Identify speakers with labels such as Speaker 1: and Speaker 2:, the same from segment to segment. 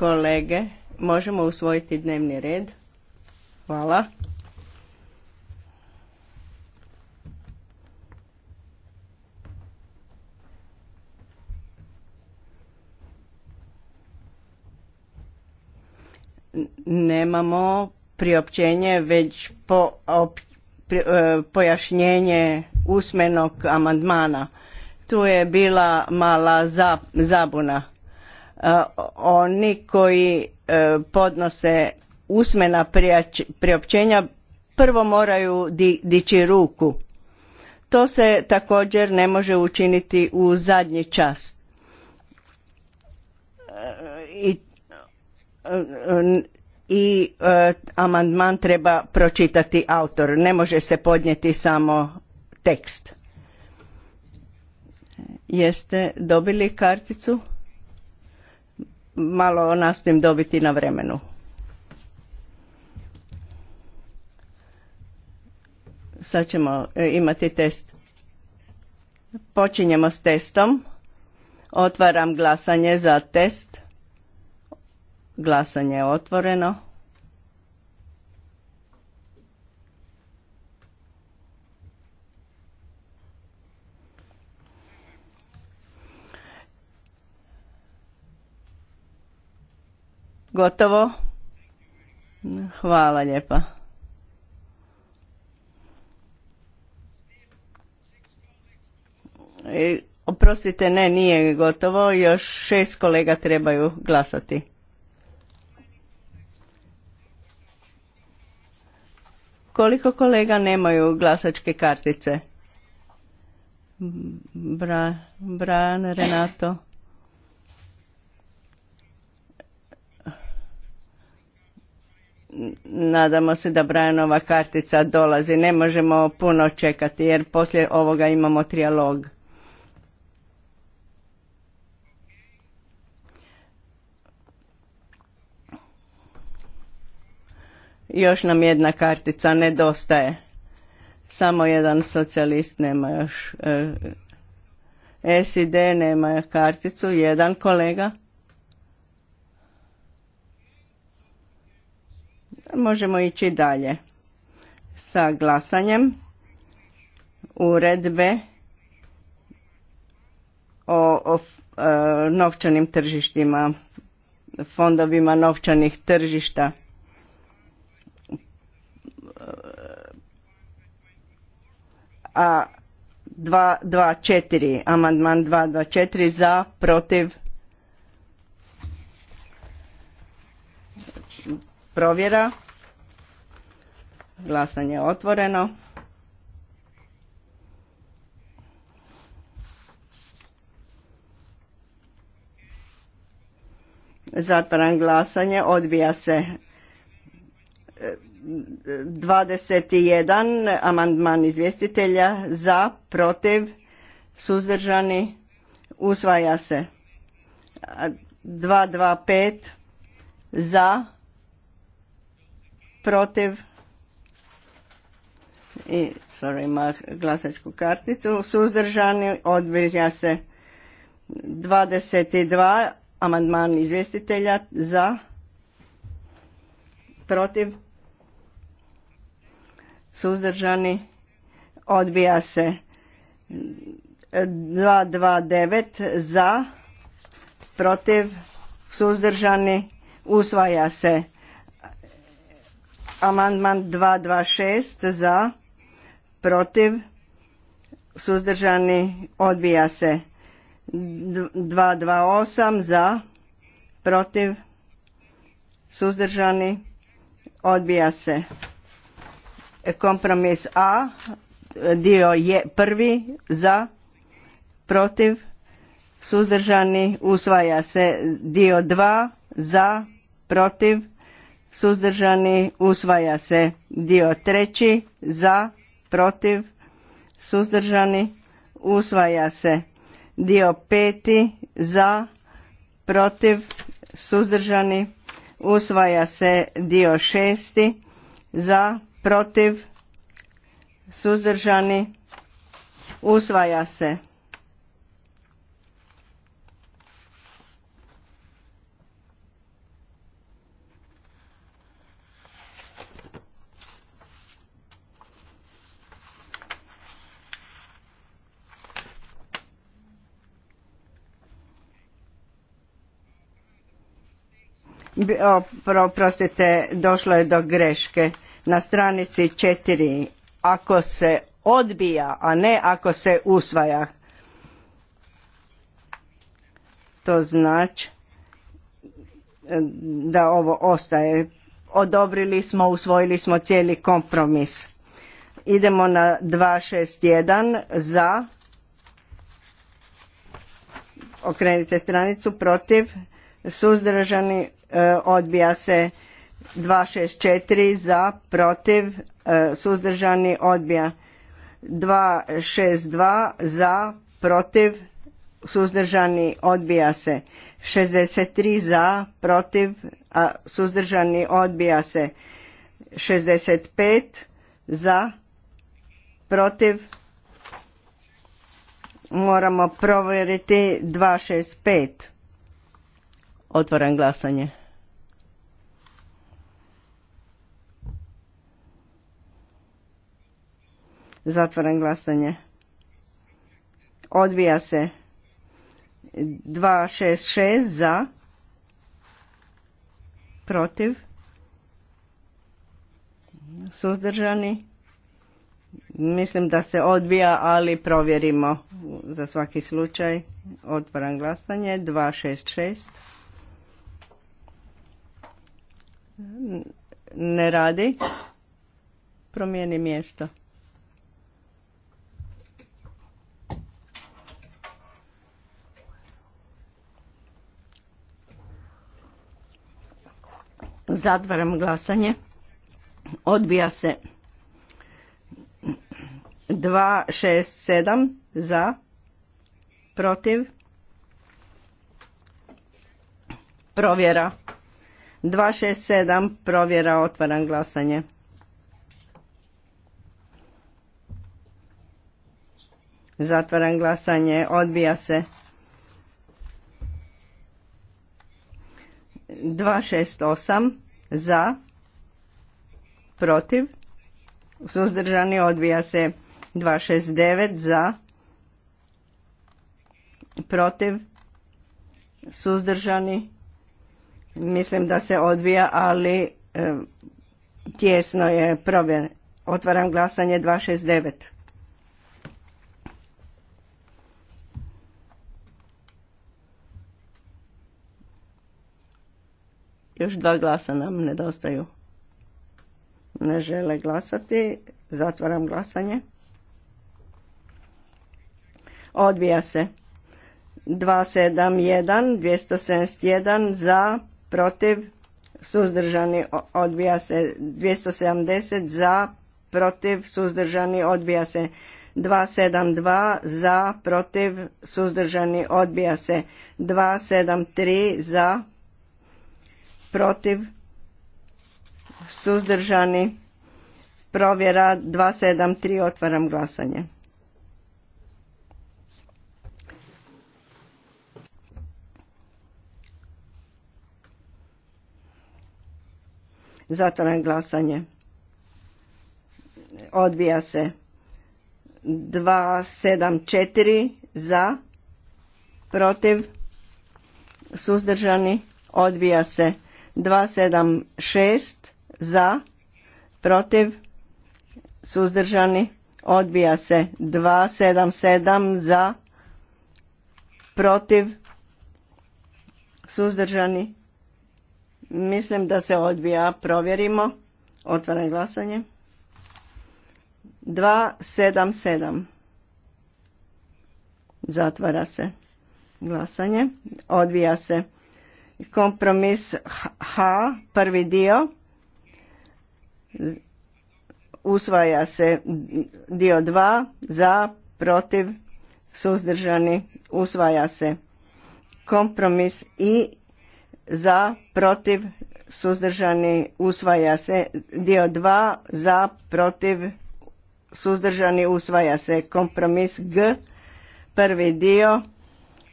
Speaker 1: Kolege, možemo usvojiti dnevni red. Hvala. Nemamo priopćenje, već e, pojašnjenje usmenog amandmana tu je bila mala zabuna. E, oni koji e, podnose usmena priopćenja prvo moraju dići ruku. To se također ne može učiniti u zadnji čas. E, I, amandman treba pročitati autor. Ne može se podnijeti samo tekst. Jeste dobili karticu? Malo nastojim dobiti na vremenu. Sad ćemo e, imati test. Počinjemo s testom. Otvaram glasanje za test. Glasanje je otvoreno. Gotovo? Hvala lijepa. E, oprostite, ne, nije gotovo. Još šest kolega trebaju glasati. Koliko kolega nemaju glasačke kartice? Bran, Renato... nadamo se da Brajanova kartica dolazi. Ne možemo puno čekati jer poslije ovoga imamo trijalog. Još nam jedna kartica nedostaje. Samo jedan socijalist nema još. E, e, SID nema karticu, jedan kolega. Možemo ići dalje sa glasanjem uredbe o, e, novčanim tržištima, fondovima novčanih tržišta. A 224, amandman 224 za, protiv, Provjera. Glasanje je otvoreno. Zatvaram glasanje. Odbija se 21 amandman izvjestitelja za, protiv, suzdržani, usvaja se. 225 za, protiv i sorry, ima glasačku karticu suzdržani odbija se 22 amandman izvjestitelja za protiv suzdržani odbija se 229 za protiv suzdržani usvaja se Amandman 226 za, protiv, suzdržani, odbija se. 228 za, protiv, suzdržani, odbija se. Kompromis A, dio je prvi za, protiv, suzdržani, usvaja se. Dio 2 za, protiv, suzdržani, usvaja se. Dio treći, za, protiv, suzdržani, usvaja se. Dio peti, za, protiv, suzdržani, usvaja se. Dio šesti, za, protiv, suzdržani, usvaja se. Prostite, došlo je do greške. Na stranici četiri, Ako se odbija, a ne ako se usvaja. To znači e, da ovo ostaje. Odobrili smo, usvojili smo cijeli kompromis. Idemo na 261 za. Okrenite stranicu protiv E, e, suzdržani odbija se 264 za protiv suzdržani odbija 262 za protiv suzdržani odbija se 63 za protiv a suzdržani odbija se 65 za protiv moramo provjeriti 265 Otvaram glasanje. Zatvaram glasanje. Odbija se 266 za, protiv, suzdržani. Mislim da se odbija, ali provjerimo za svaki slučaj. Otvaram glasanje 266. ne radi, promijeni mjesto. Zatvaram glasanje. Odbija se 2, 6, 7 za, protiv, provjera. 267 provjera otvaran glasanje. Zatvaran glasanje. Odbija se. 268 za. Protiv. Suzdržani odbija se. 269 za. Protiv. Suzdržani odbija se Mislim da se odvija, ali e, tjesno je provjer. Otvaram glasanje 269. Još dva glasa nam nedostaju. Ne žele glasati. Zatvaram glasanje. Odvija se. 271, 271 za, protiv, suzdržani odbija se 270 za, protiv, suzdržani odbija se 272 za, protiv, suzdržani odbija se 273 za, protiv, suzdržani provjera 273 otvaram glasanje. Zatvoren glasanje. Odvija se. 274 za, protiv, suzdržani, odbija se. 276 za, protiv, suzdržani, odbija se. 277 za, protiv, suzdržani, Mislim da se odbija. Provjerimo. Otvara glasanje. 277. Zatvara se glasanje. Odvija se kompromis H, prvi dio. Usvaja se dio 2 za, protiv, suzdržani. Usvaja se kompromis i za, protiv, suzdržani, usvaja se. Dio 2 za, protiv, suzdržani, usvaja se. Kompromis G, prvi dio,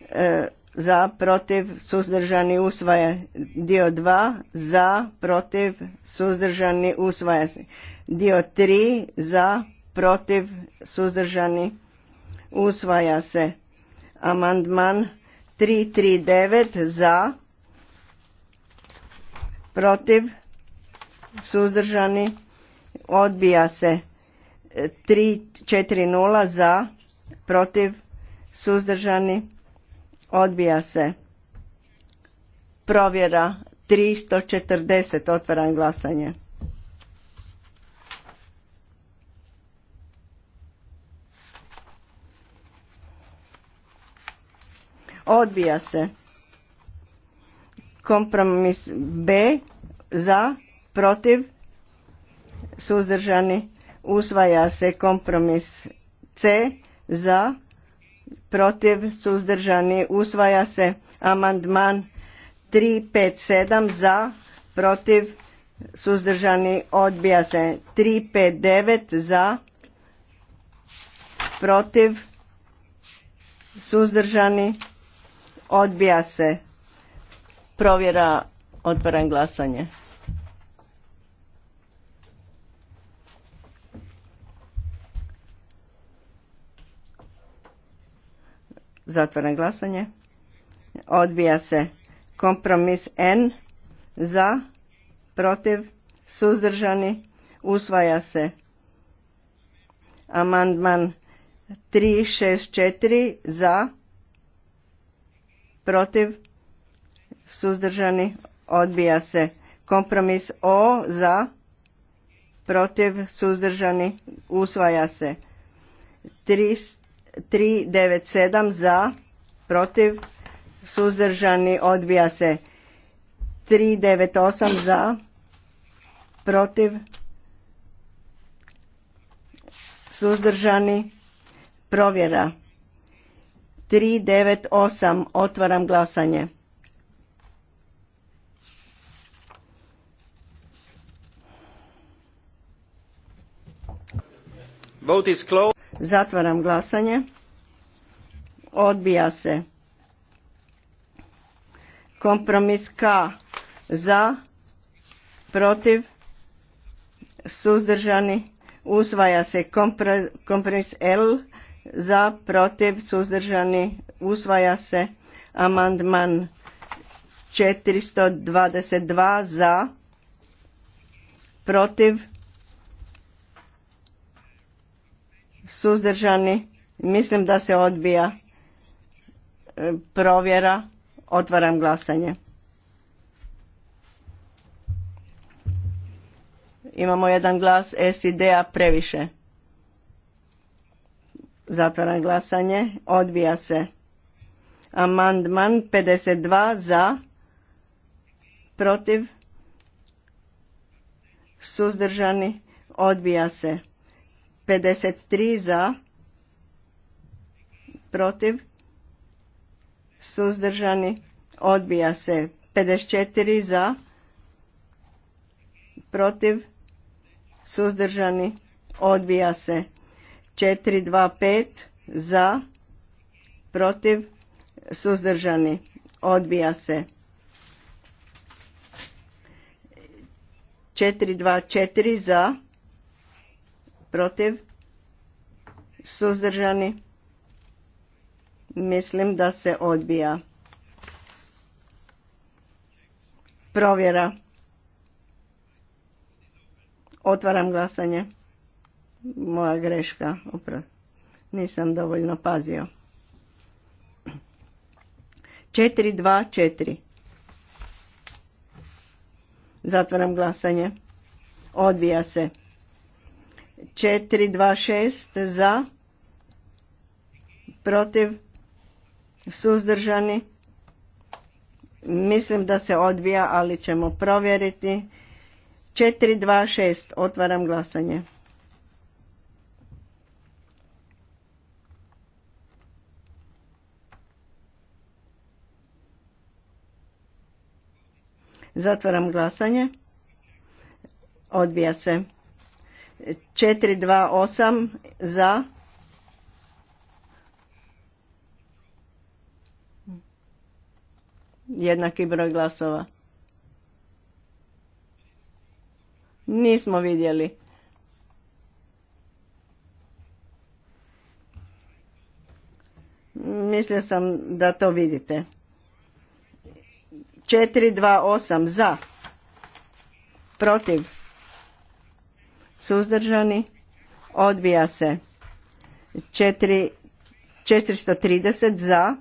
Speaker 1: e, za, protiv, suzdržani, usvaja. Dio 2 za, protiv, suzdržani, usvaja se. Dio 3 za, protiv, suzdržani, usvaja se. Amandman 339 za, protiv, suzdržani, odbija se 3-4-0 e, za, protiv, suzdržani, odbija se. Provjera 340, otvaram glasanje. Odbija se. Kompromis B za, protiv, suzdržani, usvaja se kompromis C za, protiv, suzdržani, usvaja se amandman 357 za, protiv, suzdržani, odbija se 359 za, protiv, suzdržani, odbija se Provjera, otvaram glasanje. Zatvaram glasanje. Odbija se kompromis N za, protiv, suzdržani, usvaja se. Amandman 364 za, protiv, suzdržani, odbija se. Kompromis O za, protiv, suzdržani, usvaja se. 397 za, protiv, suzdržani, odbija se. 398 za, protiv, suzdržani, provjera. 398, otvaram glasanje. Vote Zatvaram glasanje. Odbija se. Kompromis K za, protiv, suzdržani. Usvaja se kompromis L za, protiv, suzdržani. Usvaja se amandman 422 za, protiv, suzdržani, mislim da se odbija e, provjera, otvaram glasanje. Imamo jedan glas d a previše. Zatvaram glasanje. Odbija se. Amandman 52 za. Protiv. Suzdržani. Odbija se. 53 za, protiv, suzdržani, odbija se. 54 za, protiv, suzdržani, odbija se. 425 za, protiv, suzdržani, odbija se. 424 za, protiv, suzdržani, mislim da se odbija. Provjera. Otvaram glasanje. Moja greška, upravo. Nisam dovoljno pazio. 4-2-4. Zatvaram glasanje. Odbija se. 426 za, protiv, suzdržani. Mislim da se odvija, ali ćemo provjeriti. 426, otvaram glasanje. Zatvaram glasanje. Odbija se. 428 za jednaki broj glasova. Nismo vidjeli. Mislio sam da to vidite. 428 za. Protiv suzdržani, odbija se. 4, 430 za,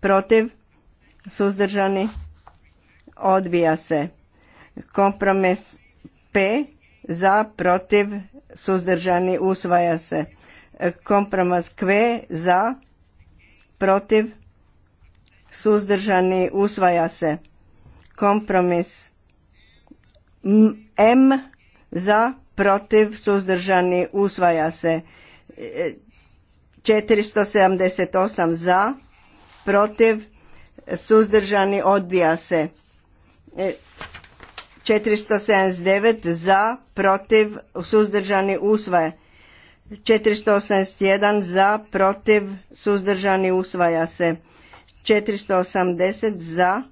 Speaker 1: protiv, suzdržani, odbija se. Kompromis P za, protiv, suzdržani, usvaja se. Kompromis Q za, protiv, suzdržani, usvaja se. Kompromis M za, protiv, suzdržani, usvaja se. 478 za, protiv, suzdržani, odbija se. 479 za, protiv, suzdržani, usvaja. 481 za, protiv, suzdržani, usvaja se. 480 za,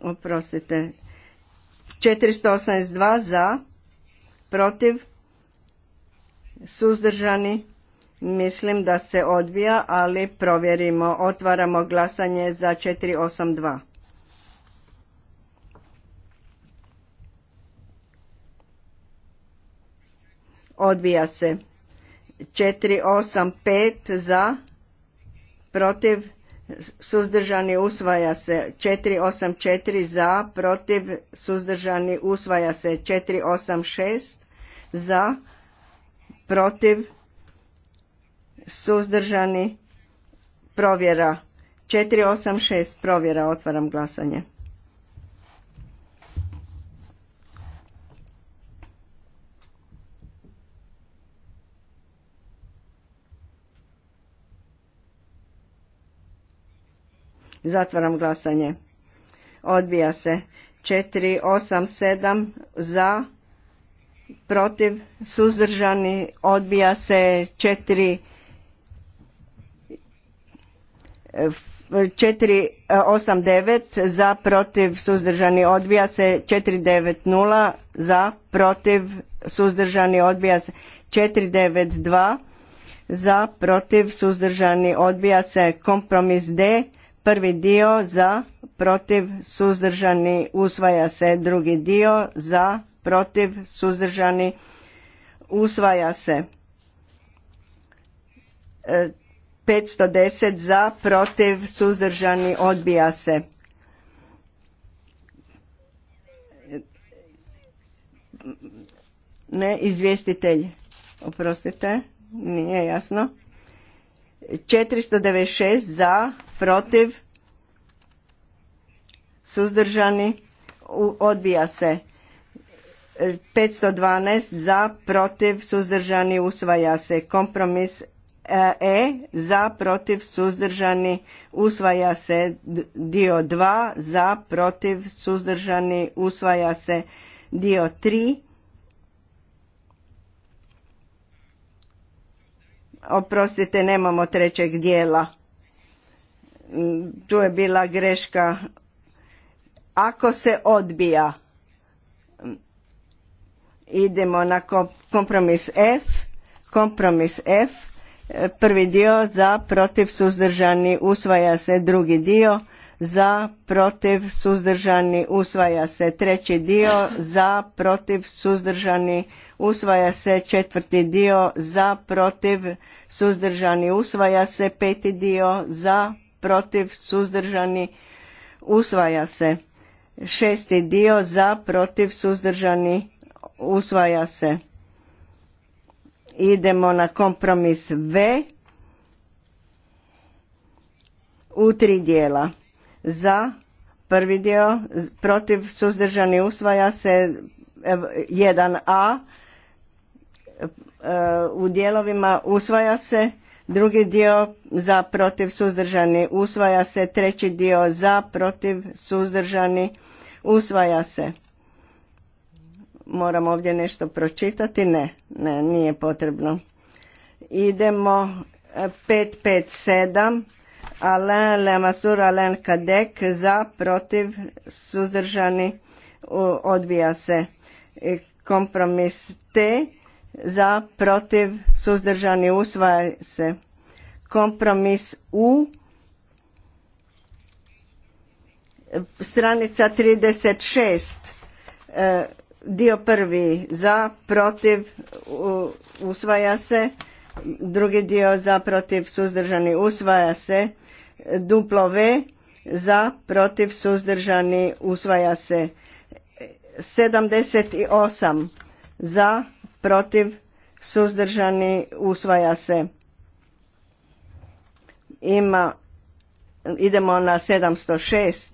Speaker 1: oprostite, 482 za, protiv, suzdržani, mislim da se odbija, ali provjerimo, otvaramo glasanje za 482. Odbija se. 485 za, protiv, suzdržani usvaja se 484 za protiv suzdržani usvaja se 486 za protiv suzdržani provjera 486 provjera otvaram glasanje Zatvaram glasanje. Odbija se. sedam za, protiv, suzdržani, odbija se 4 devet za protiv suzdržani odbija se nula za protiv suzdržani odbija se dva za protiv suzdržani odbija se kompromis D Prvi dio za, protiv, suzdržani, usvaja se. Drugi dio za, protiv, suzdržani, usvaja se. 510 e, za, protiv, suzdržani, odbija se. ne izvjestitelj oprostite nije jasno 496 za, protiv, suzdržani, odbija se. 512 za, protiv, suzdržani, usvaja se. Kompromis E, e za, protiv, suzdržani, usvaja se. Dio 2 za, protiv, suzdržani, usvaja se. Dio 3 Oprostite, nemamo trećeg dijela. Mm, tu je bila greška. Ako se odbija, mm, idemo na kompromis F. Kompromis F. E, prvi dio za protiv suzdržani usvaja se drugi dio za, protiv, suzdržani, usvaja se treći dio, za, protiv, suzdržani, usvaja se četvrti dio, za, protiv, suzdržani, usvaja se peti dio, za, protiv, suzdržani, usvaja se šesti dio, za, protiv, suzdržani, usvaja se. Idemo na kompromis V u tri dijela za prvi dio protiv suzdržani usvaja se 1a e, u dijelovima usvaja se drugi dio za protiv suzdržani usvaja se treći dio za protiv suzdržani usvaja se moram ovdje nešto pročitati ne ne nije potrebno idemo 557 e, Alain Lemassur, Alain Kadek za, protiv, suzdržani, odbija se. Kompromis T za, protiv, suzdržani, usvaja se. Kompromis U stranica 36 e, dio prvi za, protiv, usvaja se. Drugi dio za, protiv, suzdržani, usvaja se duplo V za protiv suzdržani usvaja se 78 za protiv suzdržani usvaja se ima idemo na 706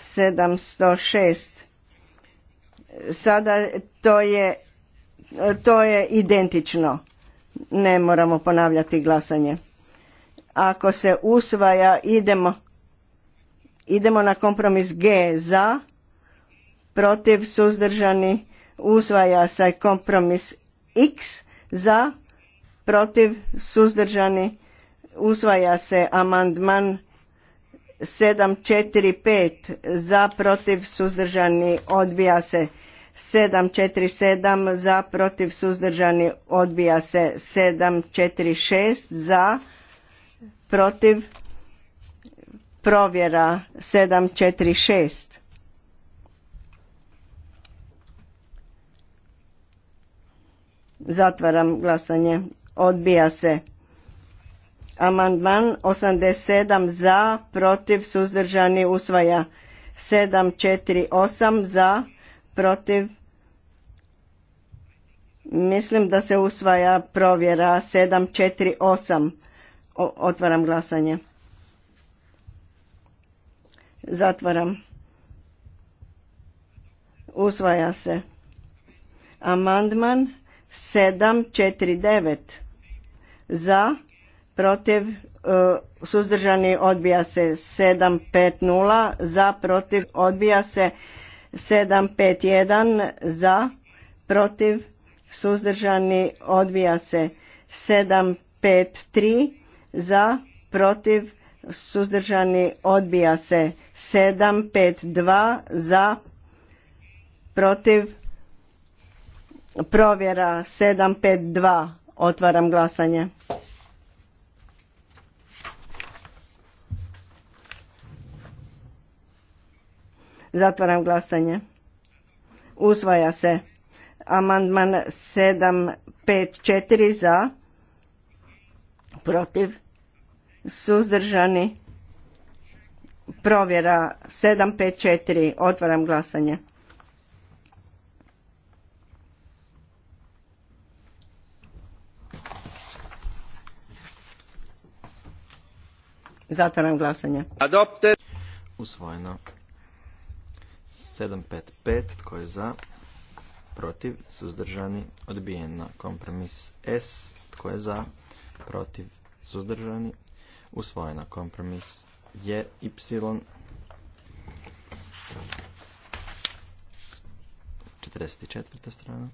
Speaker 1: 706 sada to je to je identično ne moramo ponavljati glasanje ako se usvaja, idemo, idemo na kompromis G za, protiv, suzdržani, usvaja se kompromis X za, protiv, suzdržani, usvaja se amandman 745 za, protiv, suzdržani, odbija se 747 za, protiv, suzdržani, odbija se 746 za, protiv provjera 746 zatvaram glasanje odbija se amandman 87 za protiv suzdržani usvaja 748 za protiv mislim da se usvaja provjera 748 Otvaram glasanje. Zatvaram. Usvaja se. Amandman 749. E, Za, protiv, suzdržani odbija se 750. Za, protiv, odbija se 751. Za, protiv, suzdržani odbija se 753 za, protiv, suzdržani, odbija se 752 za, protiv, provjera 752, otvaram glasanje. Zatvaram glasanje. Usvaja se. Amandman 754 za. Protiv suzdržani, provjera 754, otvaram glasanje. Zatvaram glasanje.
Speaker 2: adopte Usvojeno. 755, tko je za? Protiv, suzdržani, odbijeno. Kompromis S, tko je za? Protiv, suzdržani, Usvojena Kompromis je Y. Četrdeset strana.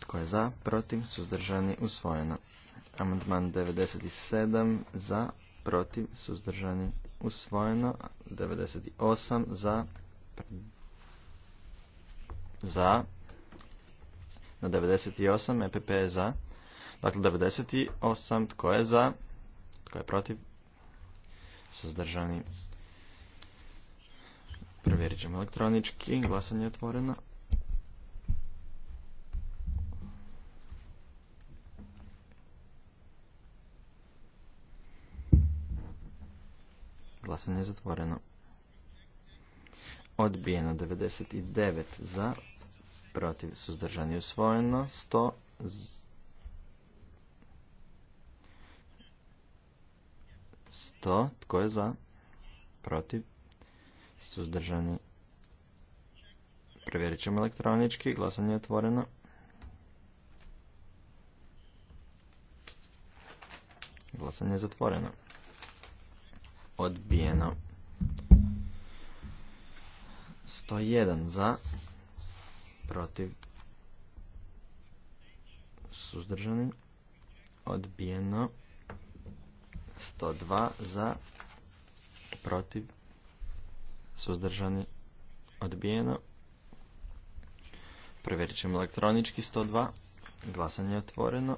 Speaker 2: Tko je za, protiv, suzdržani, usvojeno. Amandman 97 za, protiv, suzdržani, usvojeno. 98 za, za, na 98, EPP je za. Dakle, 98, tko je za, tko je protiv, suzdržani. Provjerit ćemo elektronički, glasanje je otvoreno. Glasanje je zatvoreno. Odbijeno 99 za, protiv, je usvojeno. 100 100. Tko je za? Protiv? Suzdržani? Provjerit ćemo elektronički. Glasanje je otvoreno. Glasanje je zatvoreno. Odbijeno. 101 za protiv, suzdržani, odbijeno, 102 za, protiv, suzdržani, odbijeno. Provjerit ćemo elektronički 102, glasanje je otvoreno.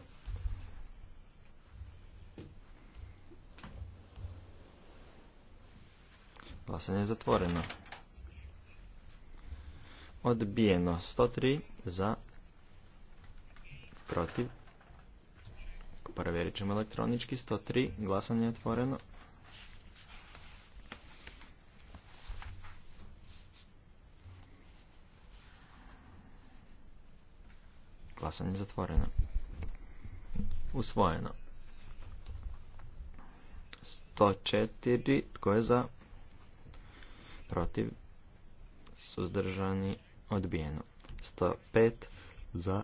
Speaker 2: Glasanje je zatvoreno odbijeno 103 za protiv provjerit ćemo elektronički 103 glasanje je otvoreno glasanje je zatvoreno usvojeno 104 tko je za protiv suzdržani odbijeno. 105 za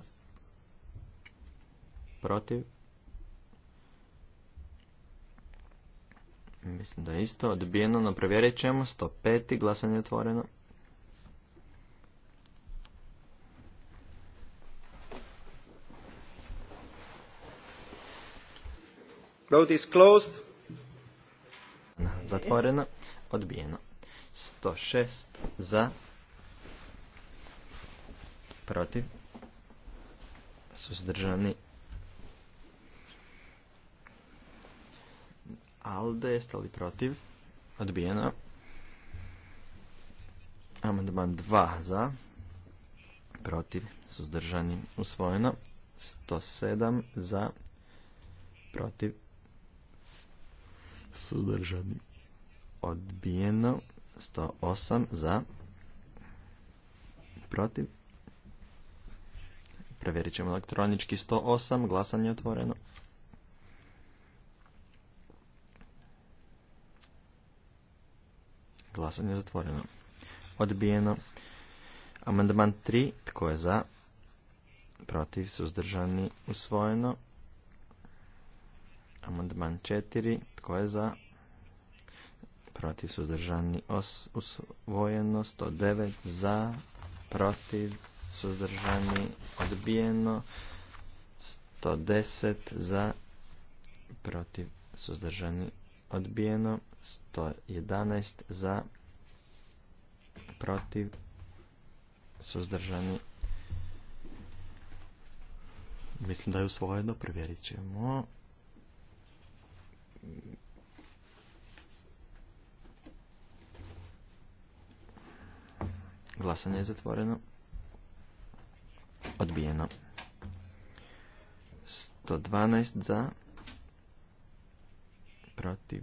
Speaker 2: protiv. Mislim da je isto odbijeno, no provjerit ćemo. 105. glasanje otvoreno. Vote is closed. Zatvoreno, odbijeno. 106 za protiv, suzdržani. Alde, jeste li protiv? Odbijeno. Amandman 2 za, protiv, suzdržani, usvojeno. 107 za, protiv, suzdržani, odbijeno. 108 za, protiv, Provjerit ćemo elektronički 108, glasanje je otvoreno. Glasanje je zatvoreno. Odbijeno. Amandman 3, tko je za? Protiv, suzdržani, usvojeno. Amandman 4, tko je za? Protiv, suzdržani, usvojeno. 109, za, protiv, suzdržani, odbijeno. 110 za, protiv, suzdržani, odbijeno. 111 za, protiv, suzdržani, Mislim da je usvojeno, provjerit ćemo. Glasanje je zatvoreno. Odbijeno. 112 za. Protiv.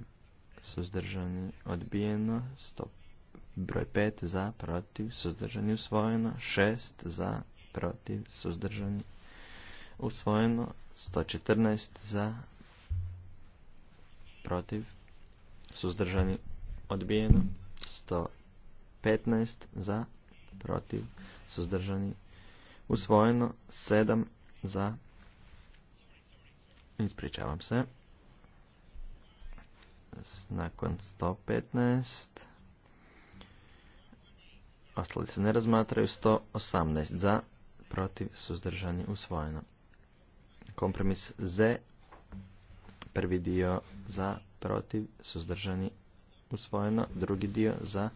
Speaker 2: Suzdržani. Odbijeno. stop, Broj 5 za. Protiv. Suzdržani. Usvojeno. 6 za. Protiv. Suzdržani. Usvojeno. 114 za. Protiv. Suzdržani. Odbijeno. 115 za. Protiv. Suzdržani. Usvojeno 7 za. Ispričavam se. Nakon 115. Ostali se ne razmatraju. 118 za. Protiv suzdržani usvojeno. Kompromis Z. Prvi dio za. Protiv suzdržani usvojeno. Drugi dio za.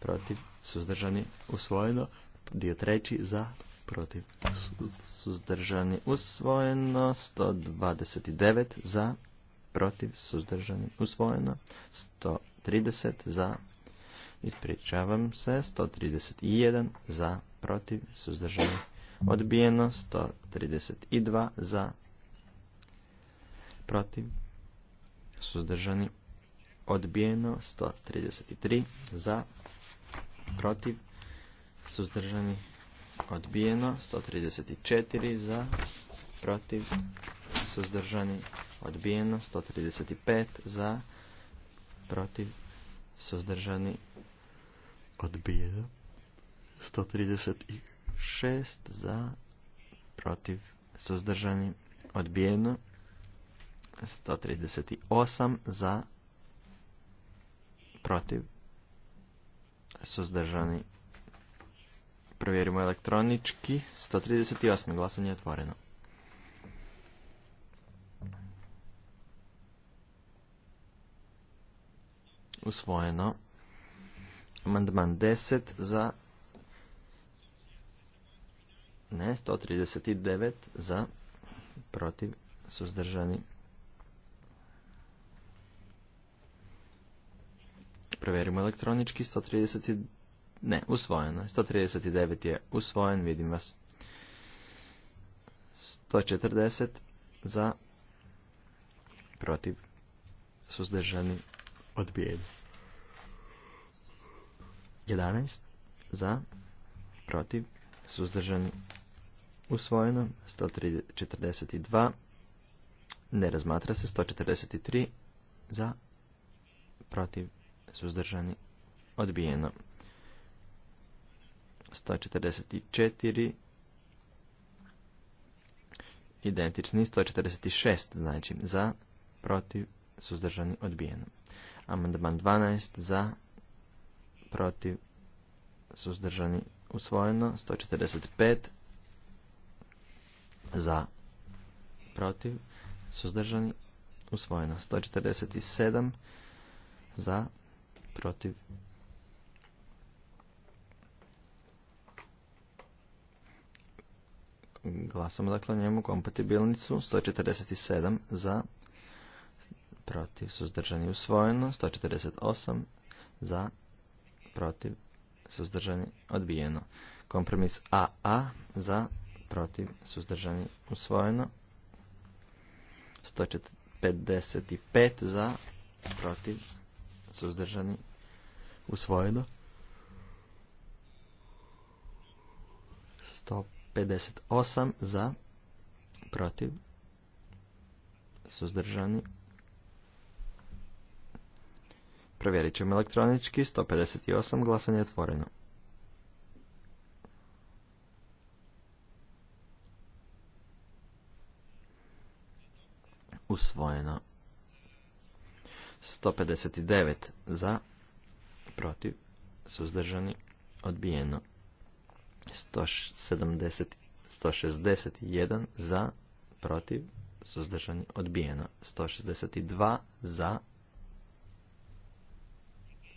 Speaker 2: Protiv suzdržani usvojeno. Dio treći za protiv suzdržani usvojeno, 129 za, protiv suzdržani usvojeno, 130 za, ispričavam se, 131 za, protiv suzdržani odbijeno, 132 za, protiv suzdržani odbijeno, 133 za, protiv suzdržani odbijeno 134 za protiv suzdržani odbijeno 135 za protiv suzdržani odbijeno 136 za protiv suzdržani odbijeno 138 za protiv suzdržani Provjerimo elektronički. 138. glasanje je otvoreno. Usvojeno. Amandman 10 za... Ne, 139 za... Protiv suzdržani. Provjerimo elektronički. 139 ne, usvojeno. 139 je usvojen, vidim vas. 140 za protiv suzdržani odbijeni. 11 za protiv suzdržani usvojeno. 142 ne razmatra se. 143 za protiv suzdržani odbijeno. 144 identični 146 znači za protiv suzdržani odbijeno amandman 12 za protiv suzdržani usvojeno 145 za protiv suzdržani usvojeno 147 za protiv Glasamo dakle njemu kompatibilnicu 147 za protiv suzdržani usvojeno, 148 za protiv suzdržani odbijeno. Kompromis AA za protiv suzdržani usvojeno, 155 za protiv suzdržani usvojeno. Stop. 58 za, protiv, suzdržani. Provjerit ćemo elektronički, 158 glasanje je otvoreno. Usvojeno. 159 za, protiv, suzdržani, odbijeno. 170, 161 za, protiv, suzdržani, odbijeno. 162 za,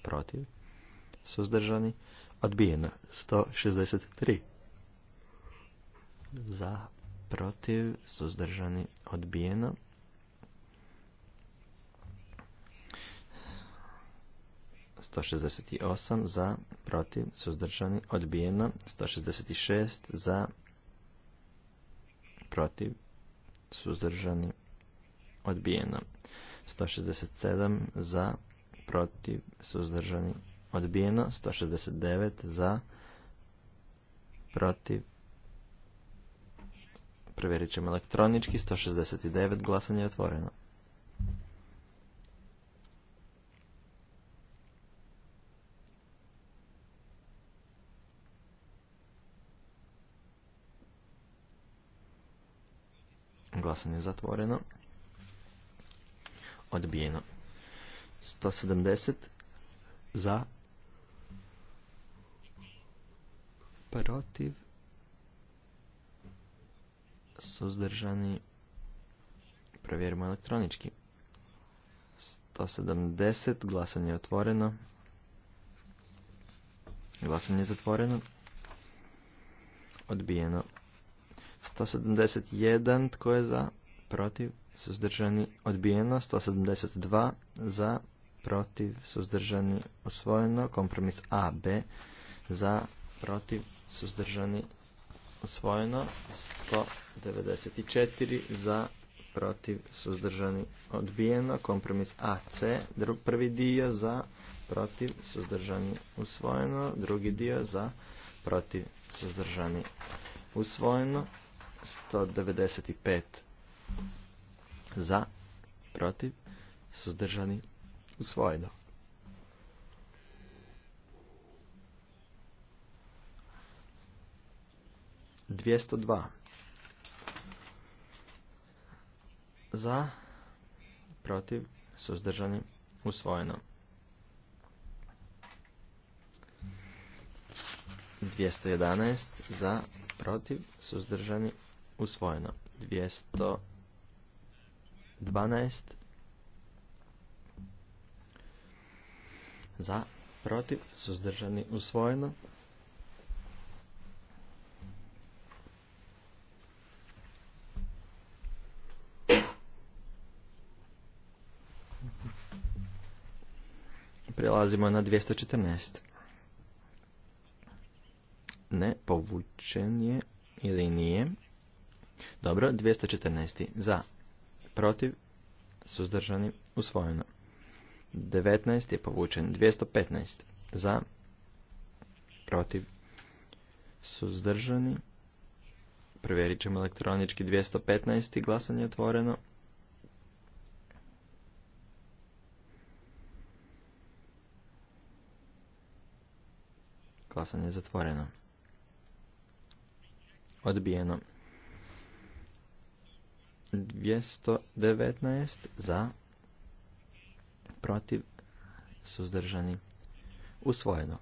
Speaker 2: protiv, suzdržani, odbijeno. 163 za, protiv, suzdržani, odbijeno. 168 za, protiv, suzdržani, odbijeno. 166 za, protiv, suzdržani, odbijeno. 167 za, protiv, suzdržani, odbijeno. 169 za, protiv, provjerit ćemo elektronički. 169 glasanje je otvoreno. Glasanje zatvoreno. Odbijeno. 170 za. Protiv. Suzdržani. Provjerimo elektronički. 170. Glasanje je otvoreno. Glasanje je zatvoreno. Odbijeno. 171 tko je za, protiv, suzdržani, odbijeno. 172 za, protiv, suzdržani, osvojeno? Kompromis AB za, protiv, suzdržani, usvojeno. 194 za, protiv, suzdržani, odbijeno. Kompromis AC, drug, prvi dio za, protiv, suzdržani, usvojeno. Drugi dio za, protiv, suzdržani, usvojeno. 195 za, protiv, suzdržani, usvojeno. Dvijesto dva. Za, protiv, suzdržani, usvojeno. 211 za, protiv, suzdržani, usvojeno. 212 za, protiv, suzdržani, usvojeno. Prelazimo na 214. Ne, povučen je ili nije. Dobro, 214. za, protiv, suzdržani, usvojeno. 19 je povučen, 215 za, protiv, suzdržani. Provjerit ćemo elektronički 215. glasanje je otvoreno. Glasanje je zatvoreno. Odbijeno. 219 za, protiv, suzdržani, usvojeno.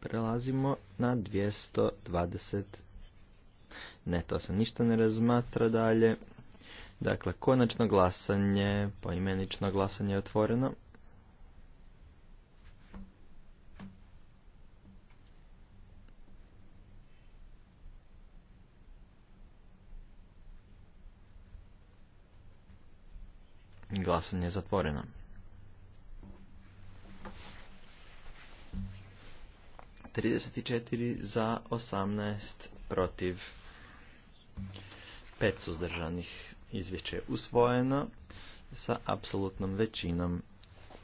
Speaker 2: Prelazimo na 220, ne to se ništa ne razmatra dalje, dakle konačno glasanje, poimenično glasanje je otvoreno. Glasanje je zatvoreno. Trideset četiri za osamnaest protiv pet suzdržanih izvješće je usvojeno sa apsolutnom većinom.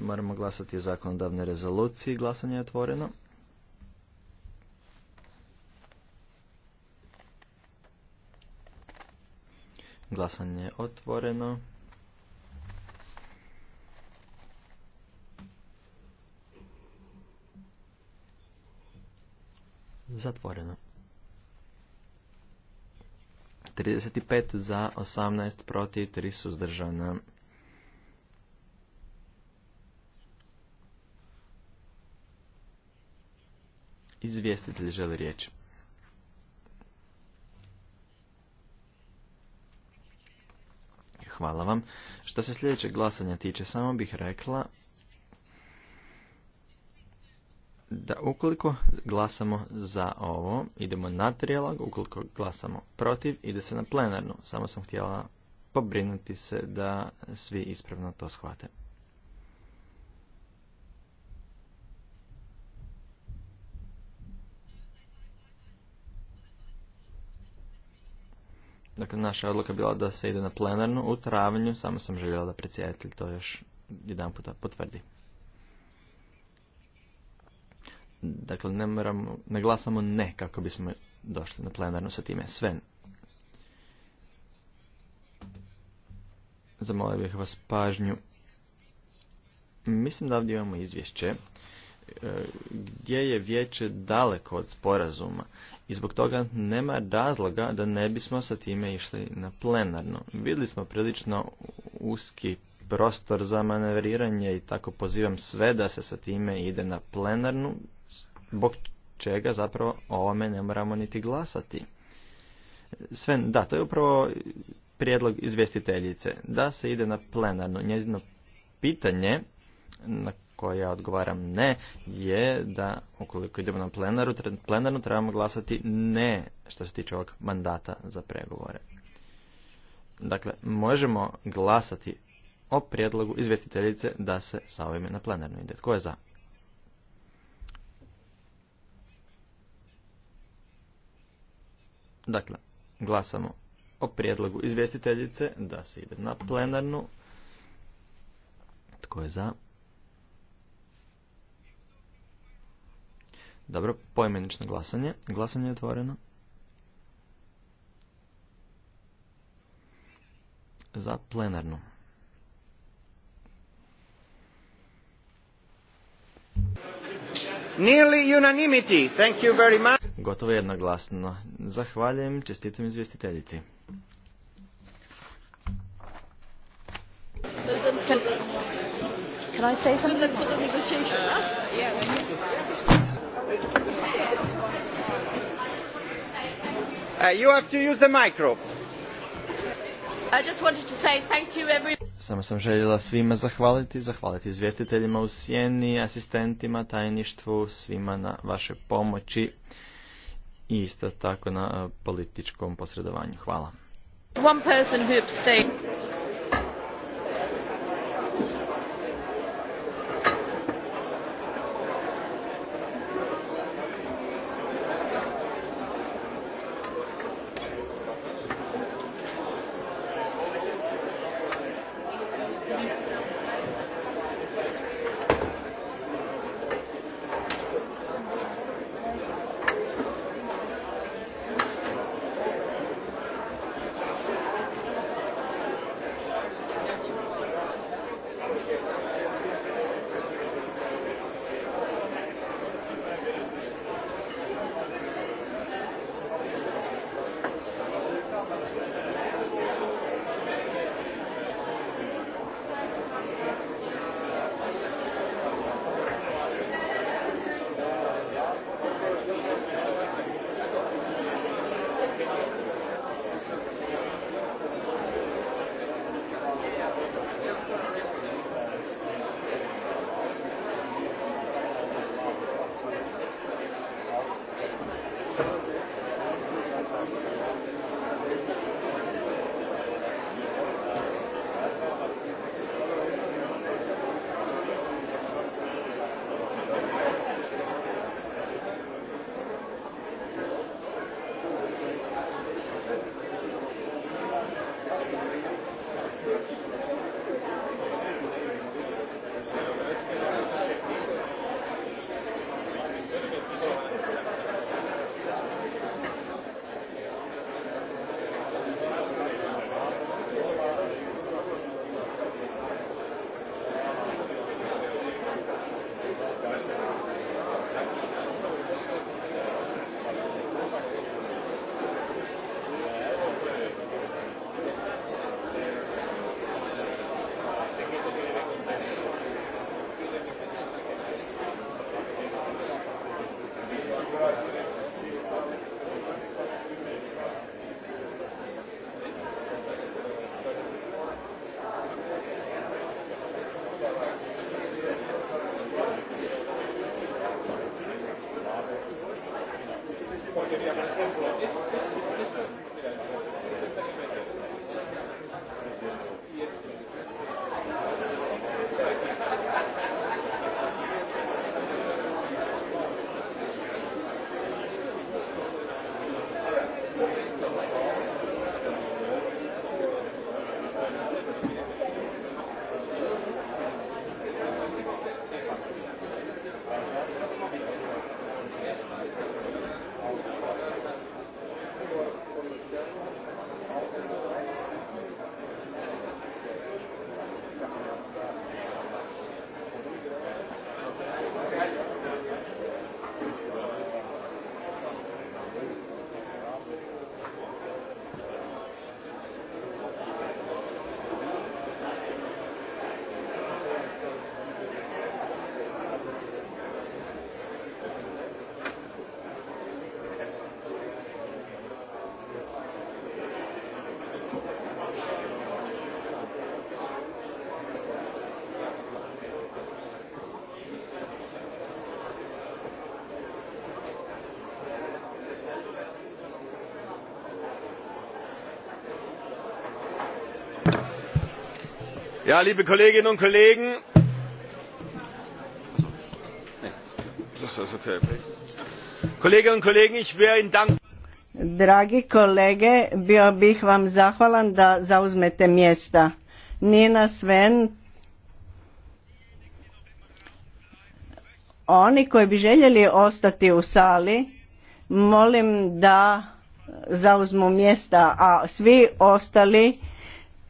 Speaker 2: Moramo glasati o zakonodavnoj rezoluciji. Glasanje je otvoreno. Glasanje je otvoreno. zatvoreno. 35 za, 18 protiv, 3 suzdržana. Izvjestitelj želi riječ. Hvala vam. Što se sljedećeg glasanja tiče, samo bih rekla da ukoliko glasamo za ovo, idemo na trijalog, ukoliko glasamo protiv, ide se na plenarnu. Samo sam htjela pobrinuti se da svi ispravno to shvate. Dakle, naša odluka bila da se ide na plenarnu u travnju, samo sam željela da predsjedatelj to još jedan puta potvrdi. Dakle, ne, moramo, ne glasamo ne kako bismo došli na plenarno sa time. Sve. Zamolio bih vas pažnju. Mislim da ovdje imamo izvješće e, gdje je vijeće daleko od sporazuma i zbog toga nema razloga da ne bismo sa time išli na plenarno. Vidli smo prilično uski prostor za manevriranje i tako pozivam sve da se sa time ide na plenarnu zbog čega zapravo o ovome ne moramo niti glasati. Sve, da, to je upravo prijedlog izvjestiteljice, da se ide na plenarno. Njezino pitanje na koje ja odgovaram ne, je da ukoliko idemo na plenaru, plenarno trebamo glasati ne što se tiče ovog mandata za pregovore. Dakle, možemo glasati o prijedlogu izvjestiteljice da se sa ovime na plenarno ide. Tko je za? Dakle, glasamo o prijedlogu izvjestiteljice da se ide na plenarnu. Tko je za? Dobro, pojmenično glasanje. Glasanje je otvoreno. Za plenarnu. Nearly unanimity. Thank you very much gotovo jednoglasno. Zahvaljujem, čestitam izvjestiteljici.
Speaker 1: Can, I say something?
Speaker 3: Uh,
Speaker 2: uh, you have to use the micro.
Speaker 3: I just wanted to say thank you everyone.
Speaker 2: Samo sam željela svima zahvaliti, zahvaliti izvjestiteljima u sjeni, asistentima, tajništvu, svima na vašoj pomoći i isto tako na eh, političkom posredovanju. Hvala. Ja, liebe Kolleginnen und Kollegen,
Speaker 1: Dragi kolege, bio bih vam zahvalan da zauzmete mjesta. Nina Sven, oni koji bi željeli ostati u sali, molim da zauzmu mjesta, a svi ostali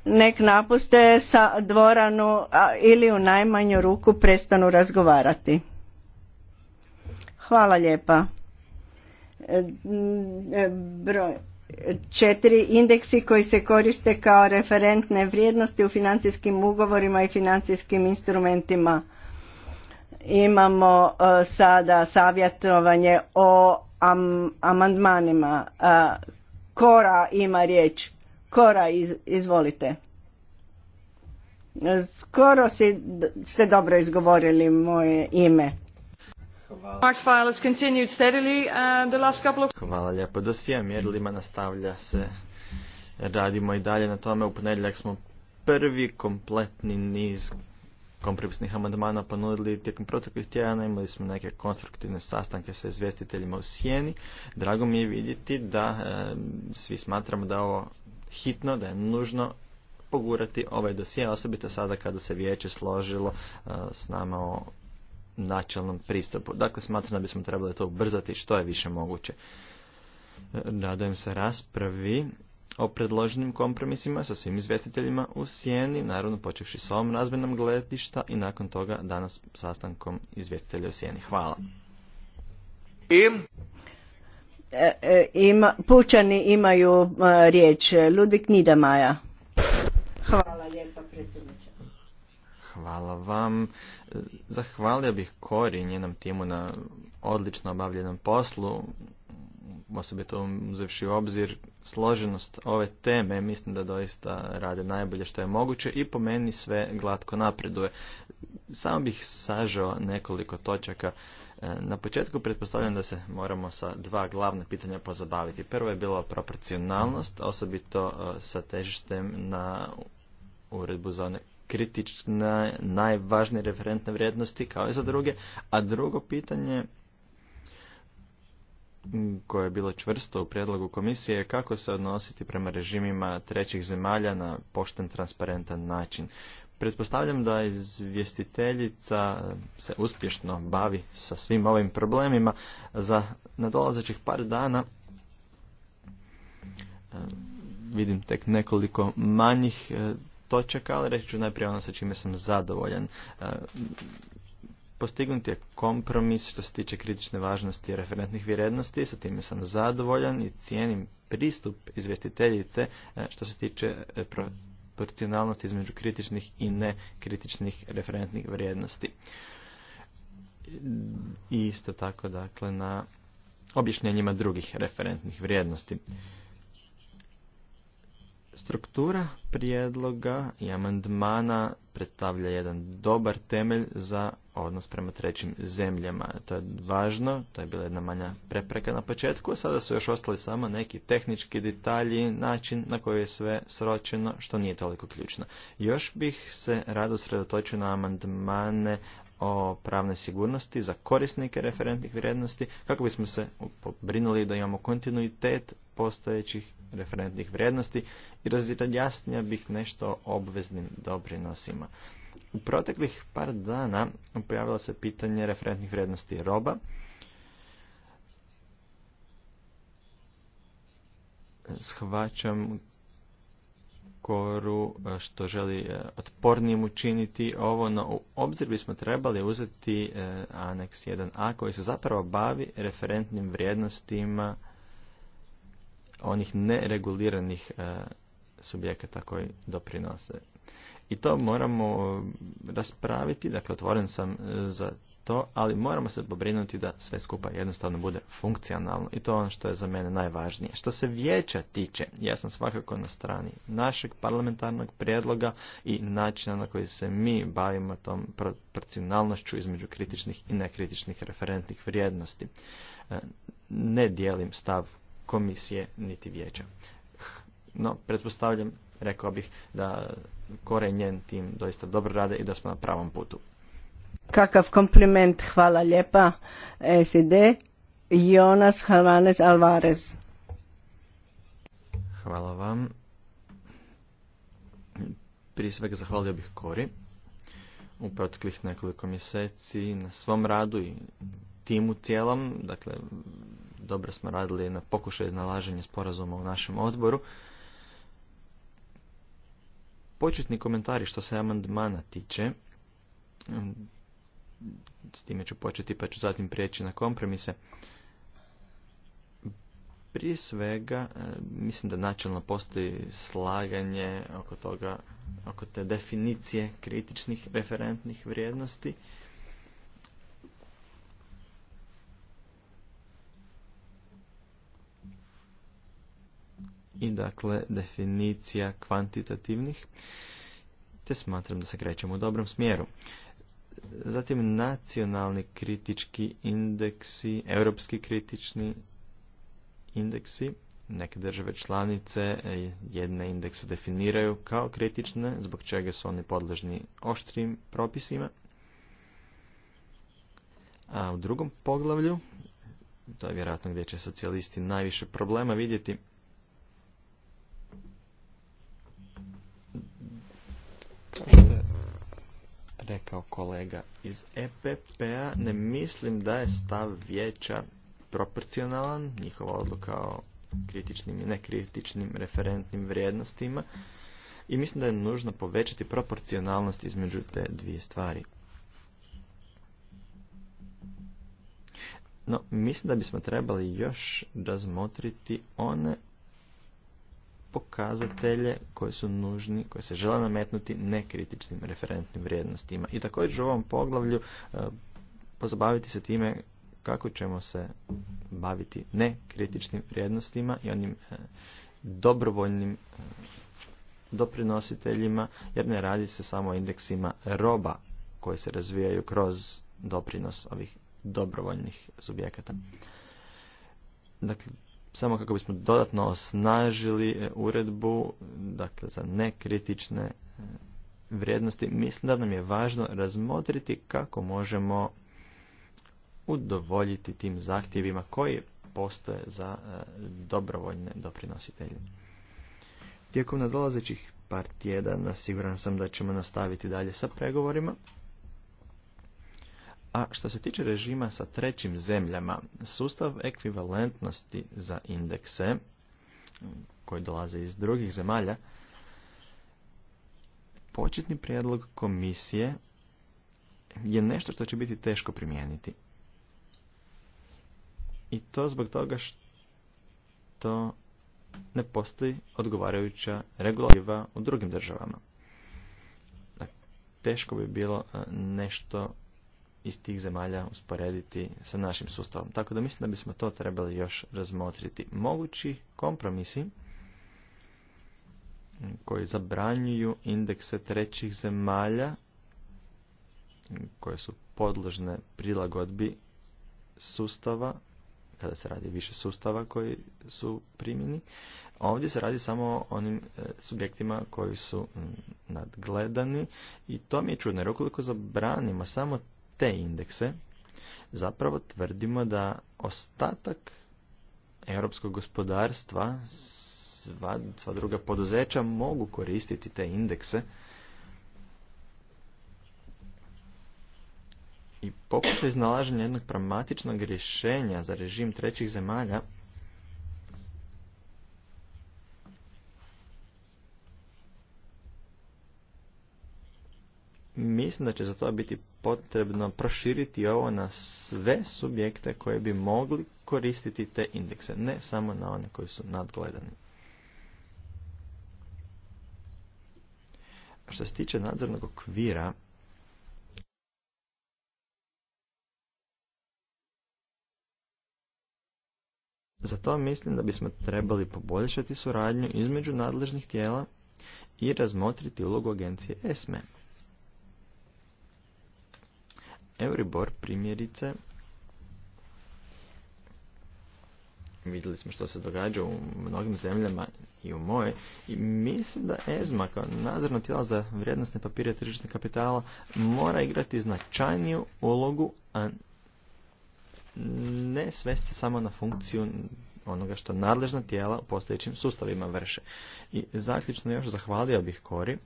Speaker 1: nek napuste sa dvoranu ili u najmanju ruku prestanu razgovarati. Hvala lijepa. E, e, broj četiri indeksi koji se koriste kao referentne vrijednosti u financijskim ugovorima i financijskim instrumentima. Imamo e, sada savjetovanje o amandmanima. Kora ima riječ. Kora, izvolite. Skoro si, ste dobro izgovorili moje ime. Hvala.
Speaker 2: Uh, Hvala lijepo. Dosija mjerilima nastavlja se. Radimo i dalje na tome. U ponedjeljak smo prvi kompletni niz kompromisnih amandmana ponudili tijekom proteklih tjedana. Imali smo neke konstruktivne sastanke sa izvjestiteljima u Sijeni. Drago mi je vidjeti da eh, svi smatramo da ovo hitno, da je nužno pogurati ovaj dosije, osobito sada kada se vijeće složilo uh, s nama o načelnom pristupu. Dakle, smatram da bismo trebali to ubrzati što je više moguće. nadajem uh, se raspravi o predloženim kompromisima sa svim izvjestiteljima u Sijeni, naravno počevši s ovom razmenom gledišta i nakon toga danas sastankom izvjestitelja u Sijeni. Hvala.
Speaker 1: E, e, ima, pučani imaju e, riječ. Ludvik Nidamaja. Hvala
Speaker 2: lijepa predsjedniče. Hvala vam. Zahvalio bih Kori i njenom timu na odlično obavljenom poslu. Osobito uzevši u obzir složenost ove teme, mislim da doista rade najbolje što je moguće i po meni sve glatko napreduje. Samo bih sažao nekoliko točaka E, na početku pretpostavljam da se moramo sa dva glavna pitanja pozabaviti. Prvo je bilo proporcionalnost, osobito e, sa težištem na uredbu za one kritične, najvažnije referentne vrijednosti kao i za druge. A drugo pitanje koje je bilo čvrsto u prijedlogu komisije je kako se odnositi prema režimima trećih zemalja na pošten, transparentan način. Pretpostavljam da izvjestiteljica se uspješno bavi sa svim ovim problemima za nadolazećih par dana. E, vidim tek nekoliko manjih e, točaka, ali reći ću najprije ono sa čime sam zadovoljan. E, postignut je kompromis što se tiče kritične važnosti referentnih vrijednosti, sa time sam zadovoljan i cijenim pristup izvjestiteljice što se tiče proporcionalnost između kritičnih i nekritičnih referentnih vrijednosti. I isto tako dakle na objašnjenjima drugih referentnih vrijednosti. Struktura prijedloga i amandmana predstavlja jedan dobar temelj za odnos prema trećim zemljama. To je važno, to je bila jedna manja prepreka na početku, a sada su još ostali samo neki tehnički detalji, način na koji je sve sročeno, što nije toliko ključno. Još bih se rado sredotočio na amandmane o pravnoj sigurnosti za korisnike referentnih vrijednosti kako bismo se pobrinuli da imamo kontinuitet postojećih referentnih vrijednosti i razjasnija bih nešto o obveznim doprinosima. U proteklih par dana pojavilo se pitanje referentnih vrijednosti roba. Shvaćam koru e, što želi e, otpornijim učiniti ovo, no u obzir bismo trebali uzeti e, aneks 1a koji se zapravo bavi referentnim vrijednostima onih nereguliranih e, subjekata koji doprinose. I to moramo e, raspraviti, dakle otvoren sam e, za to, ali moramo se pobrinuti da sve skupa jednostavno bude funkcionalno i to je ono što je za mene najvažnije. Što se vijeća tiče, ja sam svakako na strani našeg parlamentarnog prijedloga i načina na koji se mi bavimo tom proporcionalnošću između kritičnih i nekritičnih referentnih vrijednosti. Ne dijelim stav komisije niti vijeća. No, pretpostavljam, rekao bih da Kore i njen tim doista dobro rade i da smo na pravom putu.
Speaker 1: Kakav kompliment, hvala lijepa, SID, Jonas Havanes Alvarez.
Speaker 2: Hvala vam. Prije svega zahvalio bih Kori u proteklih nekoliko mjeseci na svom radu i timu cijelom, dakle dobro smo radili na pokušaj iznalaženja sporazuma u našem odboru. Početni komentari što se amandmana tiče, s time ću početi pa ću zatim prijeći na kompromise. Prije svega, e, mislim da načelno postoji slaganje oko toga, oko te definicije kritičnih referentnih vrijednosti. i dakle definicija kvantitativnih, te smatram da se krećemo u dobrom smjeru. Zatim nacionalni kritički indeksi, europski kritični indeksi, neke države članice e, jedne indekse definiraju kao kritične, zbog čega su oni podložni oštrim propisima. A u drugom poglavlju, to je vjerojatno gdje će socijalisti najviše problema vidjeti, rekao kolega iz EPP-a, ne mislim da je stav vijeća proporcionalan, njihova odluka o kritičnim i nekritičnim referentnim vrijednostima i mislim da je nužno povećati proporcionalnost između te dvije stvari. No, mislim da bismo trebali još razmotriti one pokazatelje koji su nužni, koji se žele nametnuti nekritičnim referentnim vrijednostima. I također u ovom poglavlju e, pozabaviti se time kako ćemo se baviti nekritičnim vrijednostima i onim e, dobrovoljnim e, doprinositeljima, jer ne radi se samo o indeksima roba koji se razvijaju kroz doprinos ovih dobrovoljnih subjekata. Dakle, samo kako bismo dodatno osnažili e, uredbu, dakle za nekritične e, vrijednosti, mislim da nam je važno razmotriti kako možemo udovoljiti tim zahtjevima koji postoje za e, dobrovoljne doprinositelje. Tijekom nadolazećih par tjedana siguran sam da ćemo nastaviti dalje sa pregovorima. A što se tiče režima sa trećim zemljama, sustav ekvivalentnosti za indekse koji dolaze iz drugih zemalja, početni prijedlog komisije je nešto što će biti teško primijeniti. I to zbog toga što ne postoji odgovarajuća regulativa u drugim državama. Teško bi bilo e, nešto iz tih zemalja usporediti sa našim sustavom. Tako da mislim da bismo to trebali još razmotriti. Mogući kompromisi koji zabranjuju indekse trećih zemalja koje su podložne prilagodbi sustava kada se radi više sustava koji su primjeni. Ovdje se radi samo o onim e, subjektima koji su nadgledani i to mi je čudno jer ukoliko zabranimo samo te indekse, zapravo tvrdimo da ostatak europskog gospodarstva, sva, sva druga poduzeća mogu koristiti te indekse i pokušaj iznalaženja jednog pragmatičnog rješenja za režim trećih zemalja mislim da će za to biti potrebno proširiti ovo na sve subjekte koje bi mogli koristiti te indekse, ne samo na one koji su nadgledani. Što se tiče nadzornog okvira, Zato mislim da bismo trebali poboljšati suradnju između nadležnih tijela i razmotriti ulogu agencije ESME. Euribor primjerice vidjeli smo što se događa u mnogim zemljama i u moje i mislim da EZMA kao nadzorno tijelo za vrijednostne papire tržišnog kapitala mora igrati značajniju ulogu a ne svesti samo na funkciju onoga što nadležna tijela u postojećim sustavima vrše. I zaključno još zahvalio bih Kori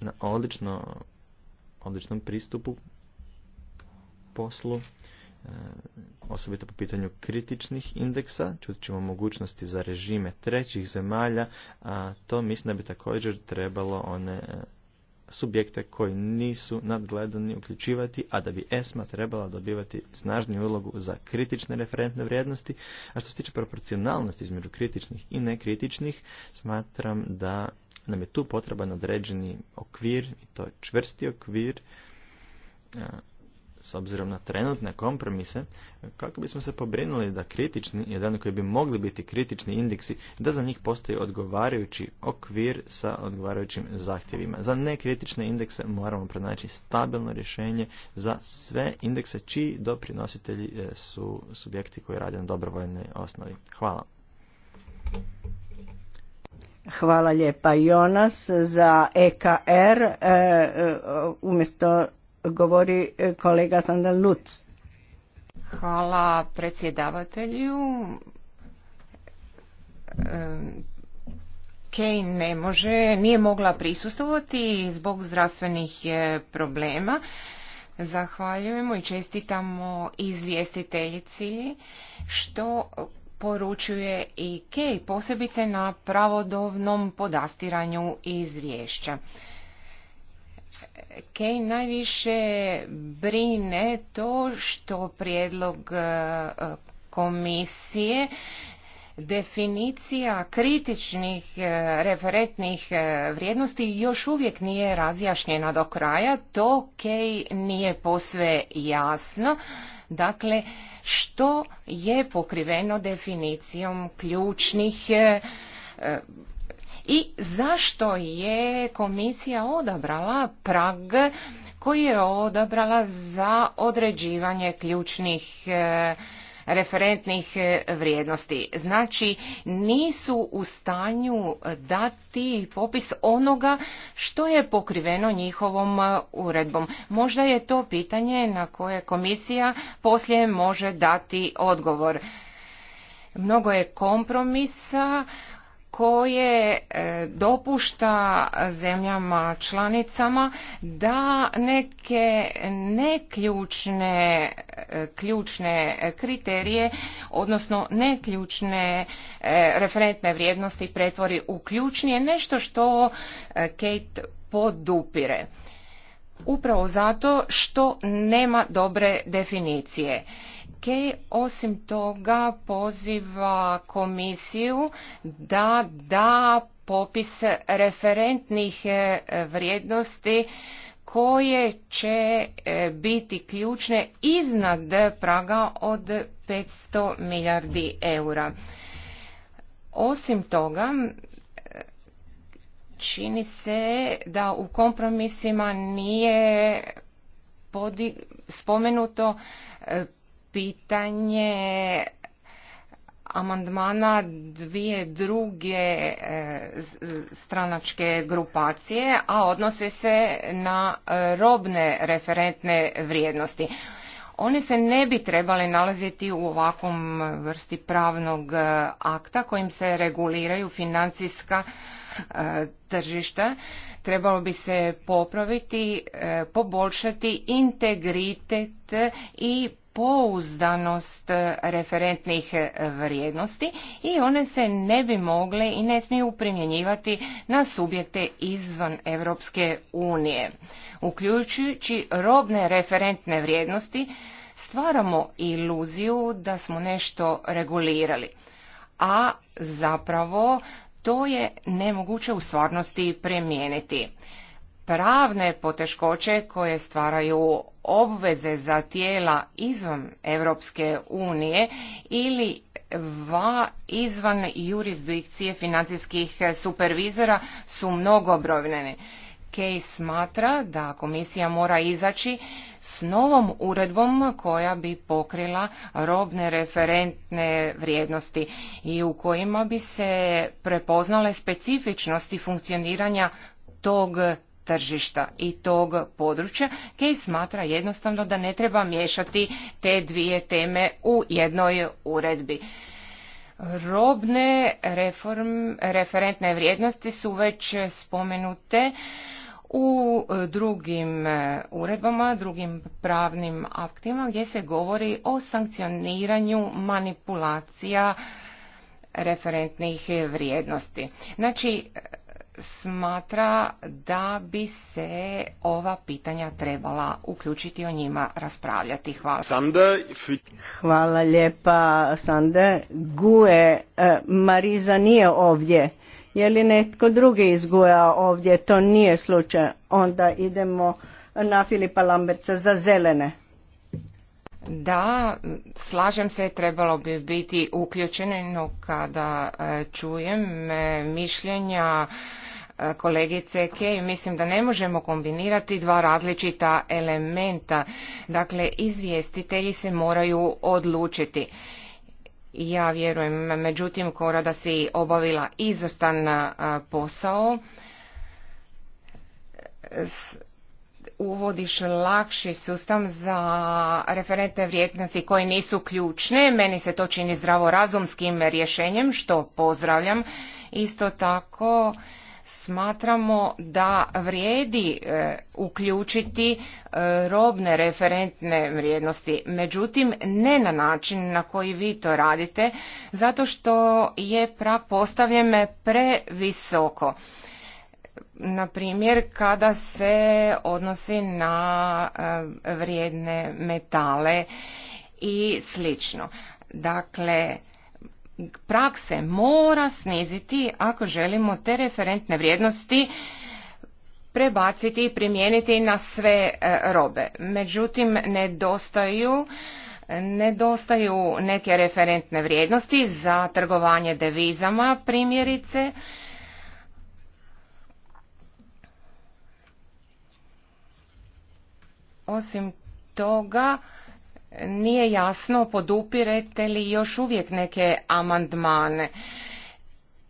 Speaker 2: na odlično odličnom pristupu poslu, e, osobito po pitanju kritičnih indeksa, čut ćemo mogućnosti za režime trećih zemalja, a to mislim da bi također trebalo one e, subjekte koji nisu nadgledani uključivati, a da bi ESMA trebala dobivati snažniju ulogu za kritične referentne vrijednosti, a što se tiče proporcionalnosti između kritičnih i nekritičnih, smatram da nam je tu potreban određeni okvir, i to je čvrsti okvir, e, s obzirom na trenutne kompromise, kako bismo se pobrinuli da kritični, jedan koji bi mogli biti kritični indeksi, da za njih postoji odgovarajući okvir sa odgovarajućim zahtjevima. Za nekritične indekse moramo pronaći stabilno rješenje za sve indekse čiji doprinositelji e, su subjekti koji rade na dobrovoljnoj osnovi. Hvala.
Speaker 1: Hvala lijepa Jonas za EKR, e, e, umjesto govori
Speaker 3: e, kolega Sandal Lutz. Hvala predsjedavatelju. Kane ne može, nije mogla prisustovati zbog zdravstvenih problema. Zahvaljujemo i čestitamo izvjestiteljici što poručuje i KEJ, posebice na pravodovnom podastiranju izvješća. Kej najviše brine to što prijedlog e, komisije definicija kritičnih e, referentnih e, vrijednosti još uvijek nije razjašnjena do kraja. To Kej nije posve jasno Dakle, što je pokriveno definicijom ključnih e, e, i zašto je komisija odabrala prag koji je odabrala za određivanje ključnih e, referentnih e, vrijednosti. Znači nisu u stanju dati popis onoga što je pokriveno njihovom e, uredbom. Možda je to pitanje na koje komisija poslije može dati odgovor. Mnogo je kompromisa koje e, dopušta zemljama članicama da neke neključne e, ključne kriterije odnosno neključne e, referentne vrijednosti pretvori u ključnije nešto što Kate podupire upravo zato što nema dobre definicije osim toga poziva komisiju da da popis referentnih e, vrijednosti koje će e, biti ključne iznad praga od 500 milijardi eura. Osim toga, e, čini se da u kompromisima nije spomenuto pitanje amandmana dvije druge e, stranačke grupacije, a odnose se na e, robne referentne vrijednosti. One se ne bi trebali nalaziti u ovakvom vrsti pravnog e, akta kojim se reguliraju financijska tržišta trebalo bi se popraviti, poboljšati integritet i pouzdanost referentnih vrijednosti i one se ne bi mogle i ne smiju primjenjivati na subjekte izvan Europske unije. Uključujući robne referentne vrijednosti stvaramo iluziju da smo nešto regulirali, a zapravo to je nemoguće u stvarnosti primijeniti pravne poteškoće koje stvaraju obveze za tijela izvan Europske unije ili va izvan jurisdikcije financijskih supervizora su mnogobrojne. Kej smatra da komisija mora izaći s novom uredbom koja bi pokrila robne referentne vrijednosti i u kojima bi se prepoznale specifičnosti funkcioniranja tog tržišta i tog područja. Kej smatra jednostavno da ne treba miješati te dvije teme u jednoj uredbi. Robne reform, referentne vrijednosti su već spomenute u drugim uredbama, drugim pravnim aktima gdje se govori o sankcioniranju manipulacija referentnih vrijednosti. Znači, smatra da bi se ova pitanja trebala uključiti o njima raspravljati. Hvala. Hvala lijepa Sande.
Speaker 1: Guje, e, Mariza nije ovdje. Je li netko drugi iz Guja ovdje? To nije slučaj. Onda idemo na Filipa Lamberca za zelene.
Speaker 3: Da, slažem se, trebalo bi biti uključeno kada e, čujem e, mišljenja kolegice Kej, mislim da ne možemo kombinirati dva različita elementa. Dakle, izvjestitelji se moraju odlučiti. Ja vjerujem, međutim, Kora da si obavila izostan posao. Uvodiš lakši sustav za referentne vrijednosti koje nisu ključne. Meni se to čini zdravorazumskim rješenjem, što pozdravljam. Isto tako, smatramo da vrijedi e, uključiti e, robne referentne vrijednosti međutim ne na način na koji vi to radite zato što je prag postavljen previsoko na primjer kada se odnosi na e, vrijedne metale i slično dakle prakse mora sniziti ako želimo te referentne vrijednosti prebaciti i primijeniti na sve e, robe. Međutim, nedostaju nedostaju neke referentne vrijednosti za trgovanje devizama primjerice osim toga nije jasno podupirete li još uvijek neke amandmane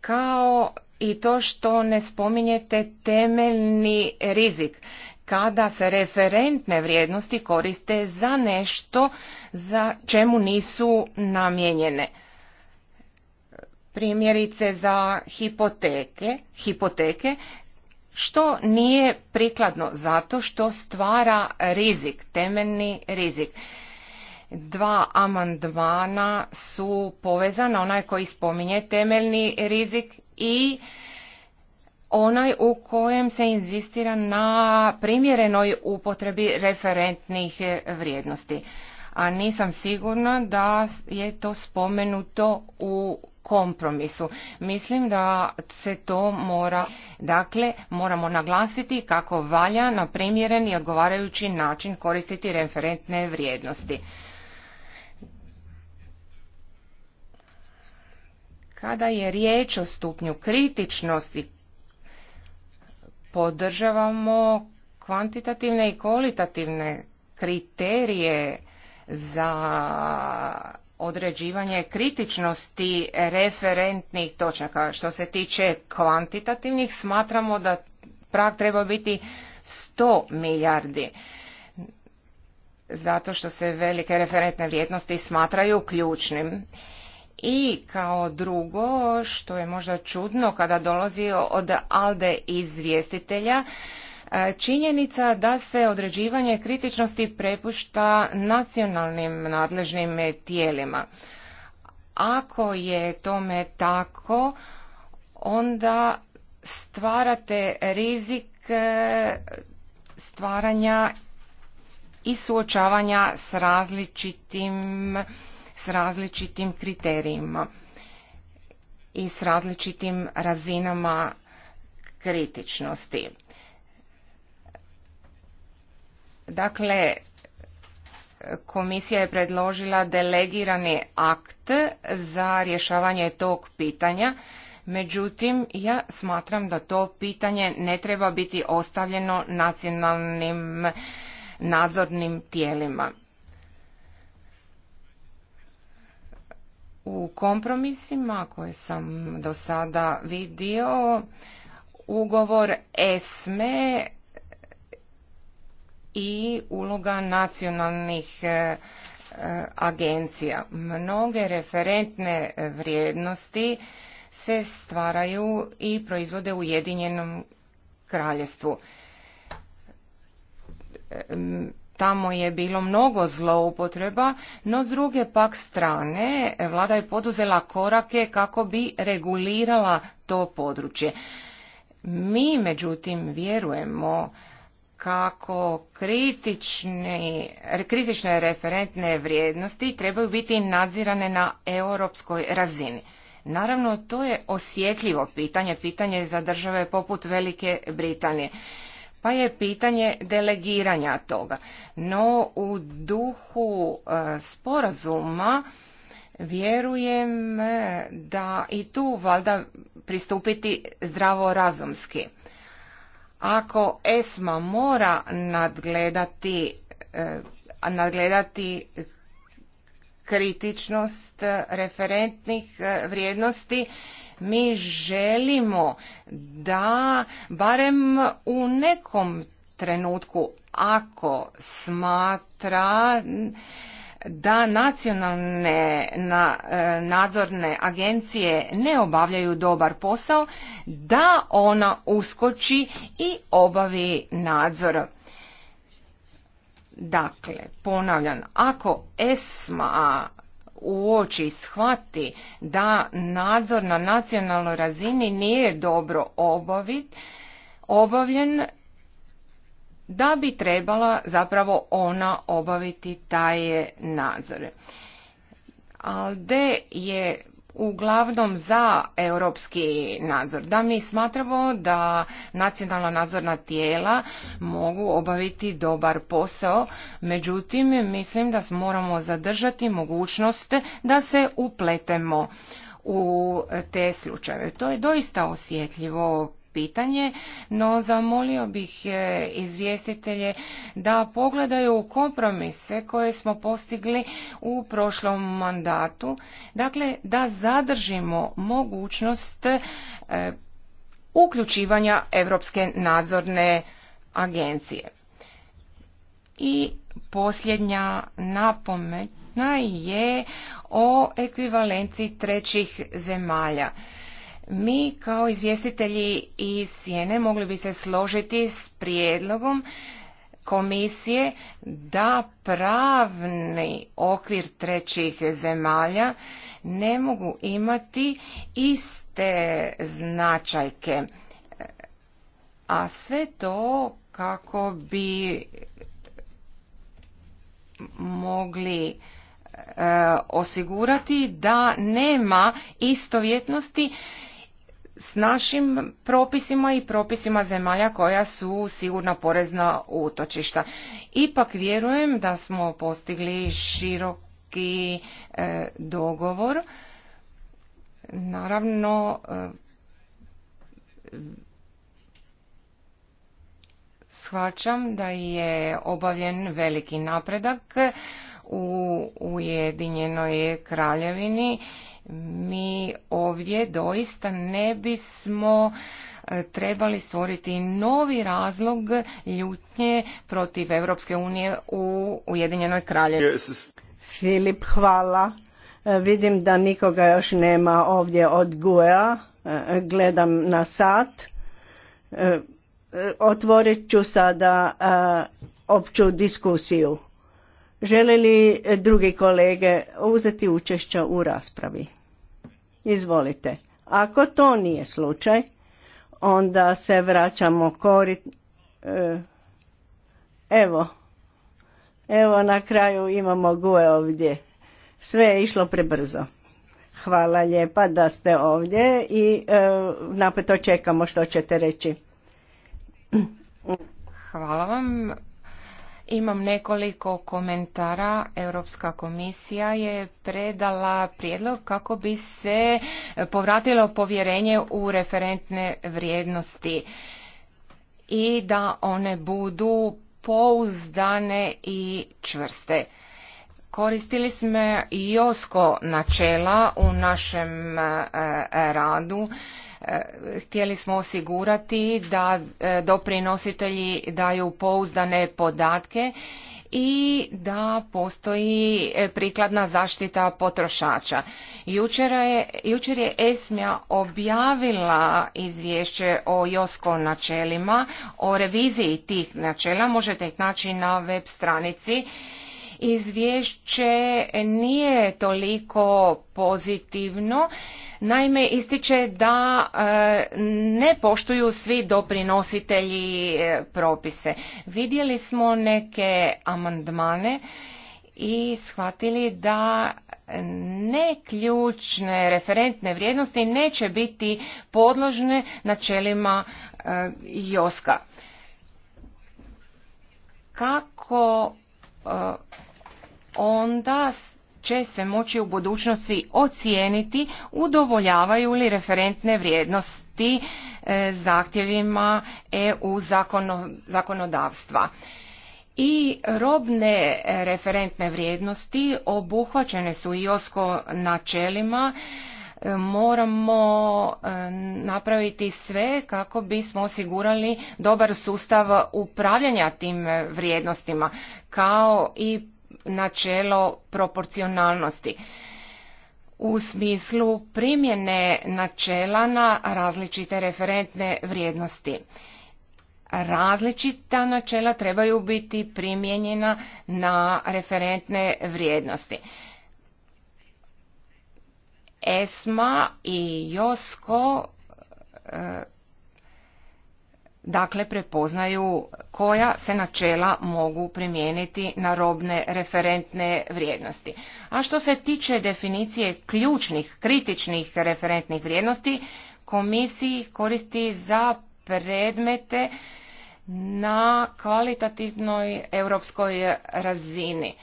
Speaker 3: kao i to što ne spominjete temeljni rizik kada se referentne vrijednosti koriste za nešto za čemu nisu namijenjene primjerice za hipoteke, hipoteke što nije prikladno zato što stvara rizik, temeljni rizik dva amandmana su povezana, onaj koji spominje temeljni rizik i onaj u kojem se inzistira na primjerenoj upotrebi referentnih vrijednosti. A nisam sigurna da je to spomenuto u kompromisu. Mislim da se to mora, dakle, moramo naglasiti kako valja na primjeren i odgovarajući način koristiti referentne vrijednosti. Kada je riječ o stupnju kritičnosti, podržavamo kvantitativne i kvalitativne kriterije za određivanje kritičnosti referentnih točaka. Što se tiče kvantitativnih, smatramo da prag treba biti 100 milijardi zato što se velike referentne vrijednosti smatraju ključnim i kao drugo, što je možda čudno kada dolazi od ALDE izvjestitelja, e, činjenica da se određivanje kritičnosti prepušta nacionalnim nadležnim tijelima. Ako je tome tako, onda stvarate rizik e, stvaranja i suočavanja s različitim s različitim kriterijima i s različitim razinama kritičnosti. Dakle, komisija je predložila delegirani akt za rješavanje tog pitanja, međutim ja smatram da to pitanje ne treba biti ostavljeno nacionalnim nadzornim tijelima. u kompromisima koje sam do sada vidio ugovor ESME i uloga nacionalnih e, e, agencija. Mnoge referentne vrijednosti se stvaraju i proizvode u Ujedinjenom kraljestvu. E, Tamo je bilo mnogo zloupotreba, no s druge pak strane e, vlada je poduzela korake kako bi regulirala to područje. Mi međutim vjerujemo kako kritične, kritične referentne vrijednosti trebaju biti nadzirane na europskoj razini. Naravno, to je osjetljivo pitanje, pitanje za države poput Velike Britanije pa je pitanje delegiranja toga. No u duhu e, sporazuma vjerujem e, da i tu valjda pristupiti zdravorazumski. Ako ESMA mora nadgledati, e, nadgledati kritičnost referentnih vrijednosti mi želimo da barem u nekom trenutku ako smatra da nacionalne e, nadzorne agencije ne obavljaju dobar posao, da ona uskoči i obavi nadzor. Dakle, ponavljam, ako ESMA uoči i shvati da nadzor na nacionalnoj razini nije dobro obavljen, da bi trebala zapravo ona obaviti taj nadzor. Alde je uglavnom za europski nadzor. Da mi smatramo da nacionalna nadzorna tijela mogu obaviti dobar posao, međutim mislim da moramo zadržati mogućnost da se upletemo u te slučajeve. To je doista osjetljivo pitanje, no zamolio bih e, izvjestitelje da pogledaju kompromise koje smo postigli u prošlom mandatu, dakle da zadržimo mogućnost e, uključivanja Europske nadzorne agencije. I posljednja napomena je o ekvivalenciji trećih zemalja. Mi kao izvjestitelji iz Sjene mogli bi se složiti s prijedlogom komisije da pravni okvir trećih zemalja ne mogu imati iste značajke. A sve to kako bi mogli e, osigurati da nema istovjetnosti s našim propisima i propisima zemalja koja su sigurna porezna utočišta. Ipak vjerujem da smo postigli široki e, dogovor. Naravno, e, shvaćam da je obavljen veliki napredak u Ujedinjenoj kraljevini mi ovdje doista ne bismo e, trebali stvoriti novi razlog ljutnje protiv Europske unije u Ujedinjenoj kraljevi. Filip, hvala.
Speaker 1: E, vidim da nikoga još nema ovdje od GUEA. E, gledam na sat. Otvorit ću sada opću diskusiju. Žele li drugi kolege uzeti učešća u raspravi? Izvolite. Ako to nije slučaj, onda se vraćamo korit... E, evo, evo na kraju imamo guje ovdje. Sve je išlo prebrzo. Hvala lijepa da ste ovdje i e, napeto čekamo što ćete reći.
Speaker 3: Hvala vam. Imam nekoliko komentara. Europska komisija je predala prijedlog kako bi se povratilo povjerenje u referentne vrijednosti i da one budu pouzdane i čvrste. Koristili smo i osko načela u našem eh, radu E, htjeli smo osigurati da e, doprinositelji daju pouzdane podatke i da postoji e, prikladna zaštita potrošača. Jučer je, jučer je Esmja objavila izvješće o Josko načelima, o reviziji tih načela, možete ih naći na web stranici. Izvješće nije toliko pozitivno Naime, ističe da e, ne poštuju svi doprinositelji e, propise. Vidjeli smo neke amandmane i shvatili da ne ključne referentne vrijednosti neće biti podložne načelima e, Joska. Kako onda će se moći u budućnosti ocijeniti udovoljavaju li referentne vrijednosti e, zahtjevima EU zakonodavstva. I robne referentne vrijednosti obuhvaćene su i osko načelima e, moramo e, napraviti sve kako bismo osigurali dobar sustav upravljanja tim vrijednostima kao i načelo proporcionalnosti u smislu primjene načela na različite referentne vrijednosti. Različita načela trebaju biti primjenjena na referentne vrijednosti. ESMA i JOSKO e, dakle prepoznaju koja se načela mogu primijeniti na robne referentne vrijednosti. A što se tiče definicije ključnih, kritičnih referentnih vrijednosti, komisiji koristi za predmete na kvalitativnoj europskoj razini.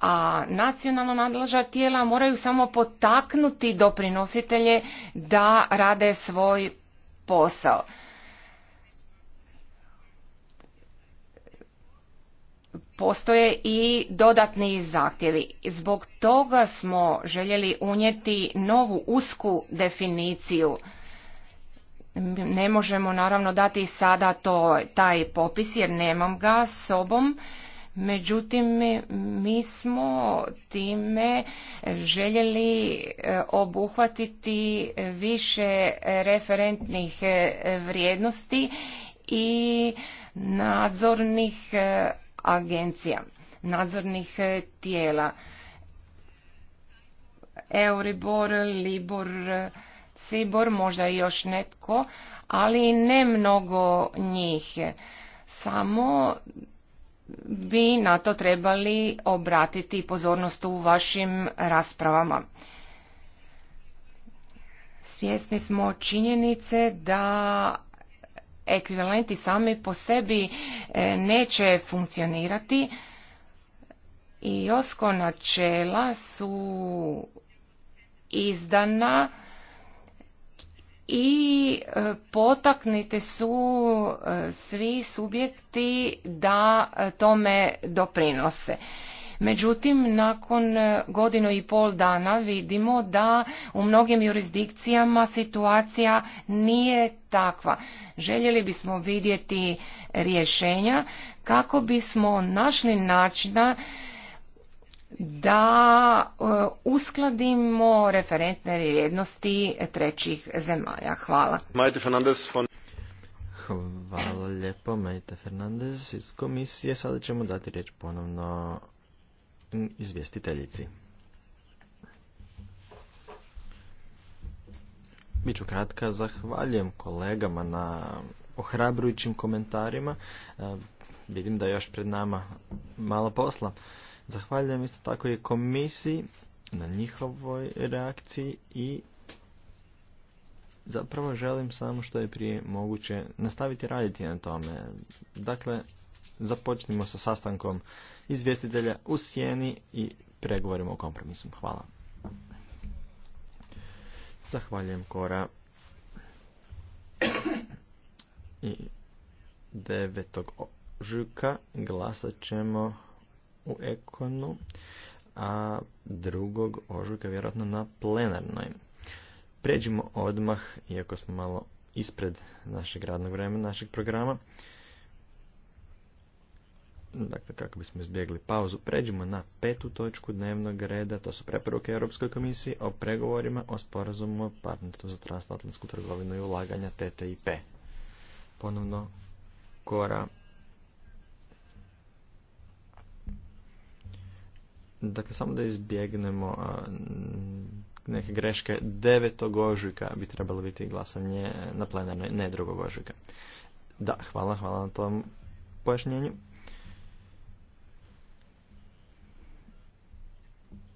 Speaker 3: A nacionalno nadležna tijela moraju samo potaknuti doprinositelje da rade svoj posao. postoje i dodatni zahtjevi. Zbog toga smo željeli unijeti novu usku definiciju. Ne možemo naravno dati sada to, taj popis jer nemam ga sobom. Međutim, mi smo time željeli e, obuhvatiti više referentnih e, vrijednosti i nadzornih e, agencija, nadzornih e, tijela. Euribor, Libor, e, Cibor, možda i još netko, ali ne mnogo njih. Samo bi na to trebali obratiti pozornost u vašim raspravama. Svjesni smo činjenice da ekvivalenti sami po sebi e, neće funkcionirati i osko načela su izdana i e, potaknite su e, svi subjekti da tome doprinose. Međutim, nakon e, godinu i pol dana vidimo da u mnogim jurisdikcijama situacija nije takva. Željeli bismo vidjeti rješenja kako bismo našli načina da e, uskladimo referentne vrijednosti trećih zemalja. Hvala. Majte Fernandez von...
Speaker 2: lijepo, Fernandez iz komisije. Sada ćemo dati riječ ponovno izvjestiteljici. Biću kratka, zahvaljujem kolegama na ohrabrujućim komentarima. E, vidim da je još pred nama malo posla. Zahvaljujem isto tako i komisiji na njihovoj reakciji i zapravo želim samo što je prije moguće nastaviti raditi na tome. Dakle, započnimo sa sastankom izvjestitelja u sjeni i pregovorimo o kompromisu. Hvala. Zahvaljujem Kora. I 9. ožujka glasat ćemo u Ekonu, a drugog ožujka vjerojatno na plenarnoj. Pređimo odmah, iako smo malo ispred našeg radnog vremena, našeg programa, dakle kako bismo izbjegli pauzu, pređimo na petu točku dnevnog reda, to su preporuke Europskoj komisiji o pregovorima o sporazumu o partnerstvu za transatlantsku trgovinu i ulaganja TTIP. Ponovno, Kora. Dakle, samo da izbjegnemo neke greške, devetog ožujka bi trebalo biti glasanje na plenarnoj, ne drugog ožujka. Da, hvala, hvala na tom pojašnjenju.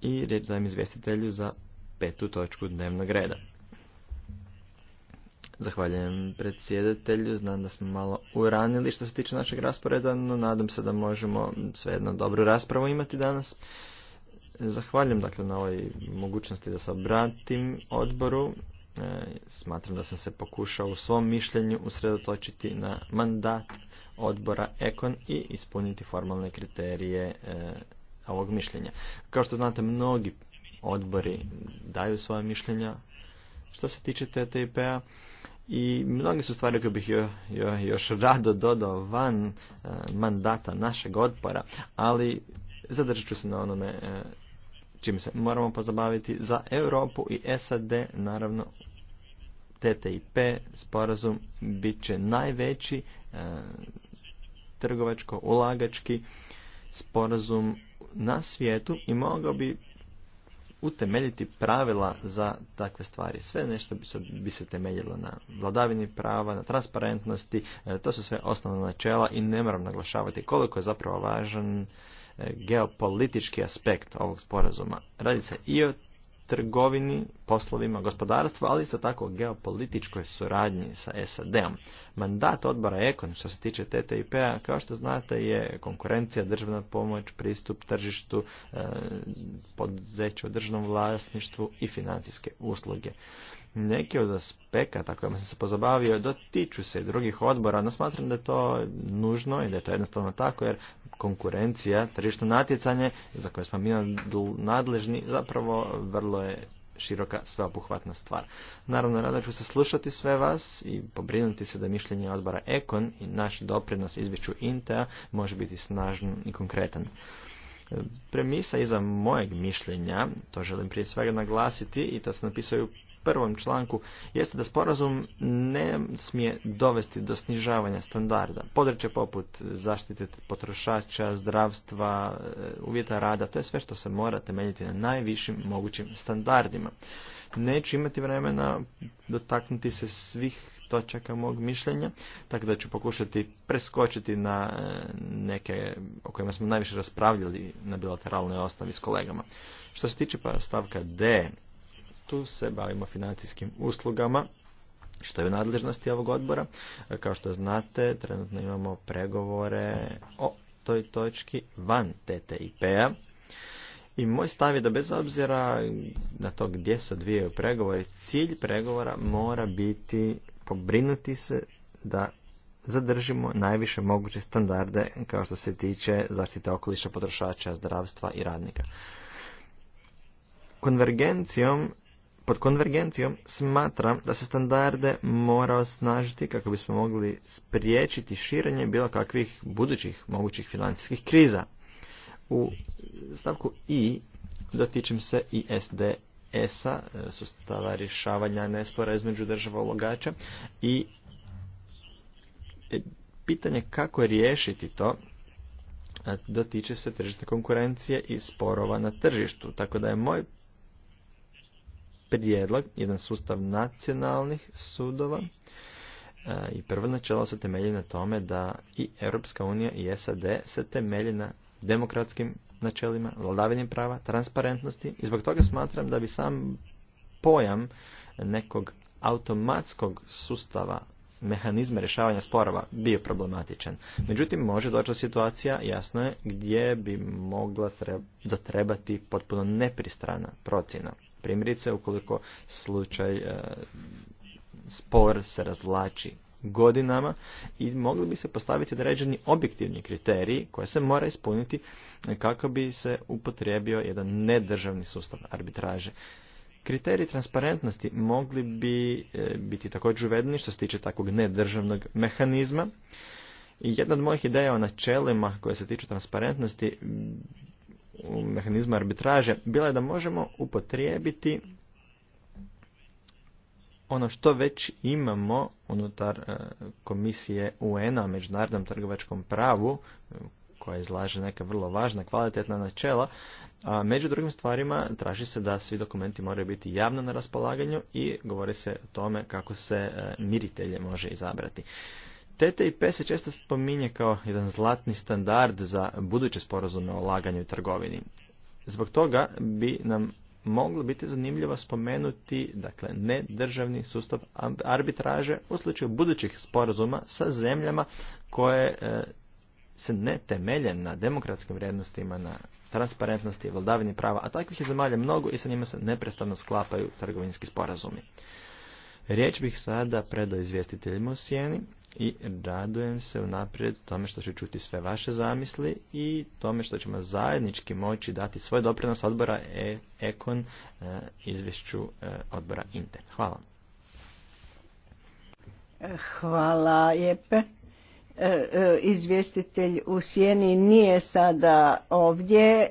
Speaker 2: i reč dajem izvjestitelju za petu točku dnevnog reda. Zahvaljujem predsjedatelju, znam da smo malo uranili što se tiče našeg rasporeda, no nadam se da možemo svejedno dobru raspravu imati danas. Zahvaljujem dakle na ovoj mogućnosti da se obratim odboru. E, smatram da sam se pokušao u svom mišljenju usredotočiti na mandat odbora Ekon i ispuniti formalne kriterije e, ovog mišljenja. Kao što znate, mnogi odbori daju svoje mišljenja što se tiče TTIP-a i mnogi su stvari koje bih još rado dodao van e, mandata našeg odbora, ali zadržat ću se na onome e, čime se moramo pozabaviti za Europu i SAD naravno TTIP sporazum bit će najveći e, trgovačko ulagački sporazum na svijetu i mogao bi utemeljiti pravila za takve stvari. Sve nešto bi se, bi se temeljilo na vladavini prava, na transparentnosti, e, to su sve osnovna načela i ne moram naglašavati koliko je zapravo važan e, geopolitički aspekt ovog sporazuma. Radi se i o trgovini, poslovima gospodarstva, ali isto tako geopolitičkoj suradnji sa SAD-om. Mandat odbora Ekon što se tiče TTIP-a, kao što znate, je konkurencija, državna pomoć, pristup tržištu, e, podzeću, u državnom vlasništvu i financijske usluge. Neki od aspekata kojima sam se pozabavio dotiču se i drugih odbora, no smatram da je to nužno i da je to jednostavno tako, jer konkurencija, tržišno natjecanje za koje smo mi nadležni zapravo vrlo je široka sveobuhvatna stvar. Naravno, rada ću se slušati sve vas i pobrinuti se da mišljenje odbora Ekon i naš doprinos izvješću Intea može biti snažan i konkretan. Premisa iza mojeg mišljenja, to želim prije svega naglasiti i to se napisaju prvom članku jeste da sporazum ne smije dovesti do snižavanja standarda. Područje poput zaštite potrošača, zdravstva, e, uvjeta rada, to je sve što se mora temeljiti na najvišim mogućim standardima. Neću imati vremena dotaknuti se svih točaka mog mišljenja, tako da ću pokušati preskočiti na e, neke o kojima smo najviše raspravljali na bilateralnoj osnovi s kolegama. Što se tiče pa stavka D, tu se bavimo financijskim uslugama što je u nadležnosti ovog odbora. Kao što znate, trenutno imamo pregovore o toj točki van TTIP-a. I moj stav je da bez obzira na to gdje se odvijaju pregovori, cilj pregovora mora biti pobrinuti se da zadržimo najviše moguće standarde kao što se tiče zaštite okoliša, potrošača, zdravstva i radnika. Konvergencijom pod konvergencijom smatram da se standarde mora osnažiti kako bismo mogli spriječiti širenje bilo kakvih budućih mogućih financijskih kriza. U stavku I dotičem se i SDS-a, sustava rješavanja nespora između država ulogača i pitanje kako riješiti to dotiče se tržišta konkurencije i sporova na tržištu. Tako da je moj prijedlog, jedan sustav nacionalnih sudova e, i prvo načelo se temelji na tome da i Europska unija i SAD se temelji na demokratskim načelima, vladavinim prava, transparentnosti i zbog toga smatram da bi sam pojam nekog automatskog sustava mehanizma rješavanja sporova bio problematičan. Međutim, može doći do situacija, jasno je, gdje bi mogla zatrebati potpuno nepristrana procjena. Primjerice, ukoliko slučaj e, spor se razlači godinama i mogli bi se postaviti određeni objektivni kriteriji koje se mora ispuniti kako bi se upotrijebio jedan nedržavni sustav arbitraže. Kriteriji transparentnosti mogli bi e, biti također uvedeni što se tiče takvog nedržavnog mehanizma. I jedna od mojih ideja o načelima koje se tiču transparentnosti mehanizma mehanizmu arbitraže bila je da možemo upotrijebiti ono što već imamo unutar e, komisije UN-a o međunarodnom trgovačkom pravu koja izlaže neka vrlo važna kvalitetna načela. A među drugim stvarima traži se da svi dokumenti moraju biti javno na raspolaganju i govori se o tome kako se e, miritelje može izabrati. TTIP se često spominje kao jedan zlatni standard za buduće sporazume o laganju i trgovini. Zbog toga bi nam moglo biti zanimljivo spomenuti dakle, nedržavni sustav arbitraže u slučaju budućih sporazuma sa zemljama koje e, se ne temelje na demokratskim vrijednostima, na transparentnosti i vladavini prava, a takvih je zemalja mnogo i sa njima se neprestano sklapaju trgovinski sporazumi. Riječ bih sada predao izvjestiteljima u Sijeni, i radujem se unaprijed tome što ću čuti sve vaše zamisli i tome što ćemo zajednički moći dati svoj doprinos odbora e Ekon e, izvješću e, odbora Inter. Hvala.
Speaker 1: E, hvala Jepe. Izvjestitelj u Sjeni nije sada ovdje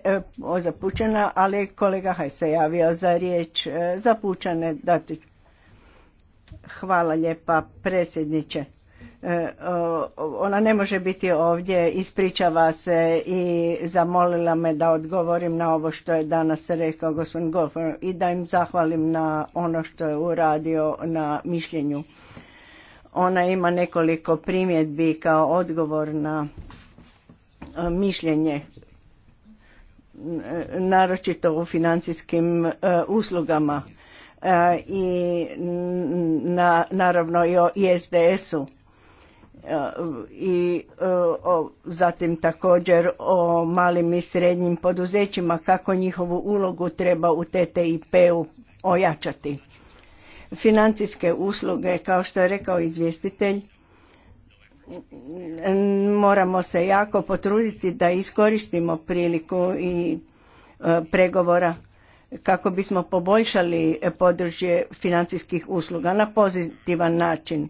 Speaker 1: zapučena, ali kolega Haj se javio za riječ zapučene dati. Hvala lijepa predsjedniče E, ona ne može biti ovdje, ispričava se i zamolila me da odgovorim na ovo što je danas rekao gospodin Golfer i da im zahvalim na ono što je uradio na mišljenju. Ona ima nekoliko primjedbi kao odgovor na e, mišljenje e, naročito u financijskim uslugama i na, naravno i o ISDS-u i e, zatim također o malim i srednjim poduzećima kako njihovu ulogu treba u TTIP-u ojačati. Financijske usluge, kao što je rekao izvjestitelj, moramo se jako potruditi da iskoristimo priliku i e, pregovora kako bismo poboljšali područje financijskih usluga na pozitivan način.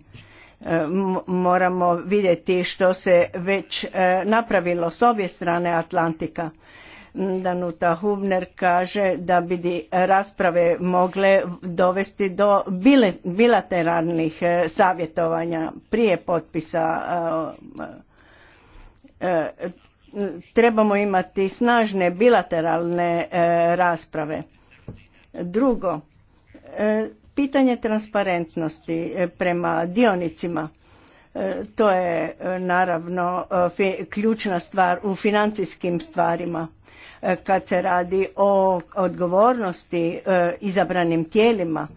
Speaker 1: E, moramo vidjeti što se već e, napravilo s obje strane Atlantika. Danuta Hubner kaže da bi rasprave mogle dovesti do bilateralnih e, savjetovanja prije potpisa. Trebamo imati snažne bilateralne rasprave. Drugo, Pitanje transparentnosti e, prema dionicima, e, to je e, naravno ključna stvar u financijskim stvarima kad se radi o odgovornosti izabranim tijelima.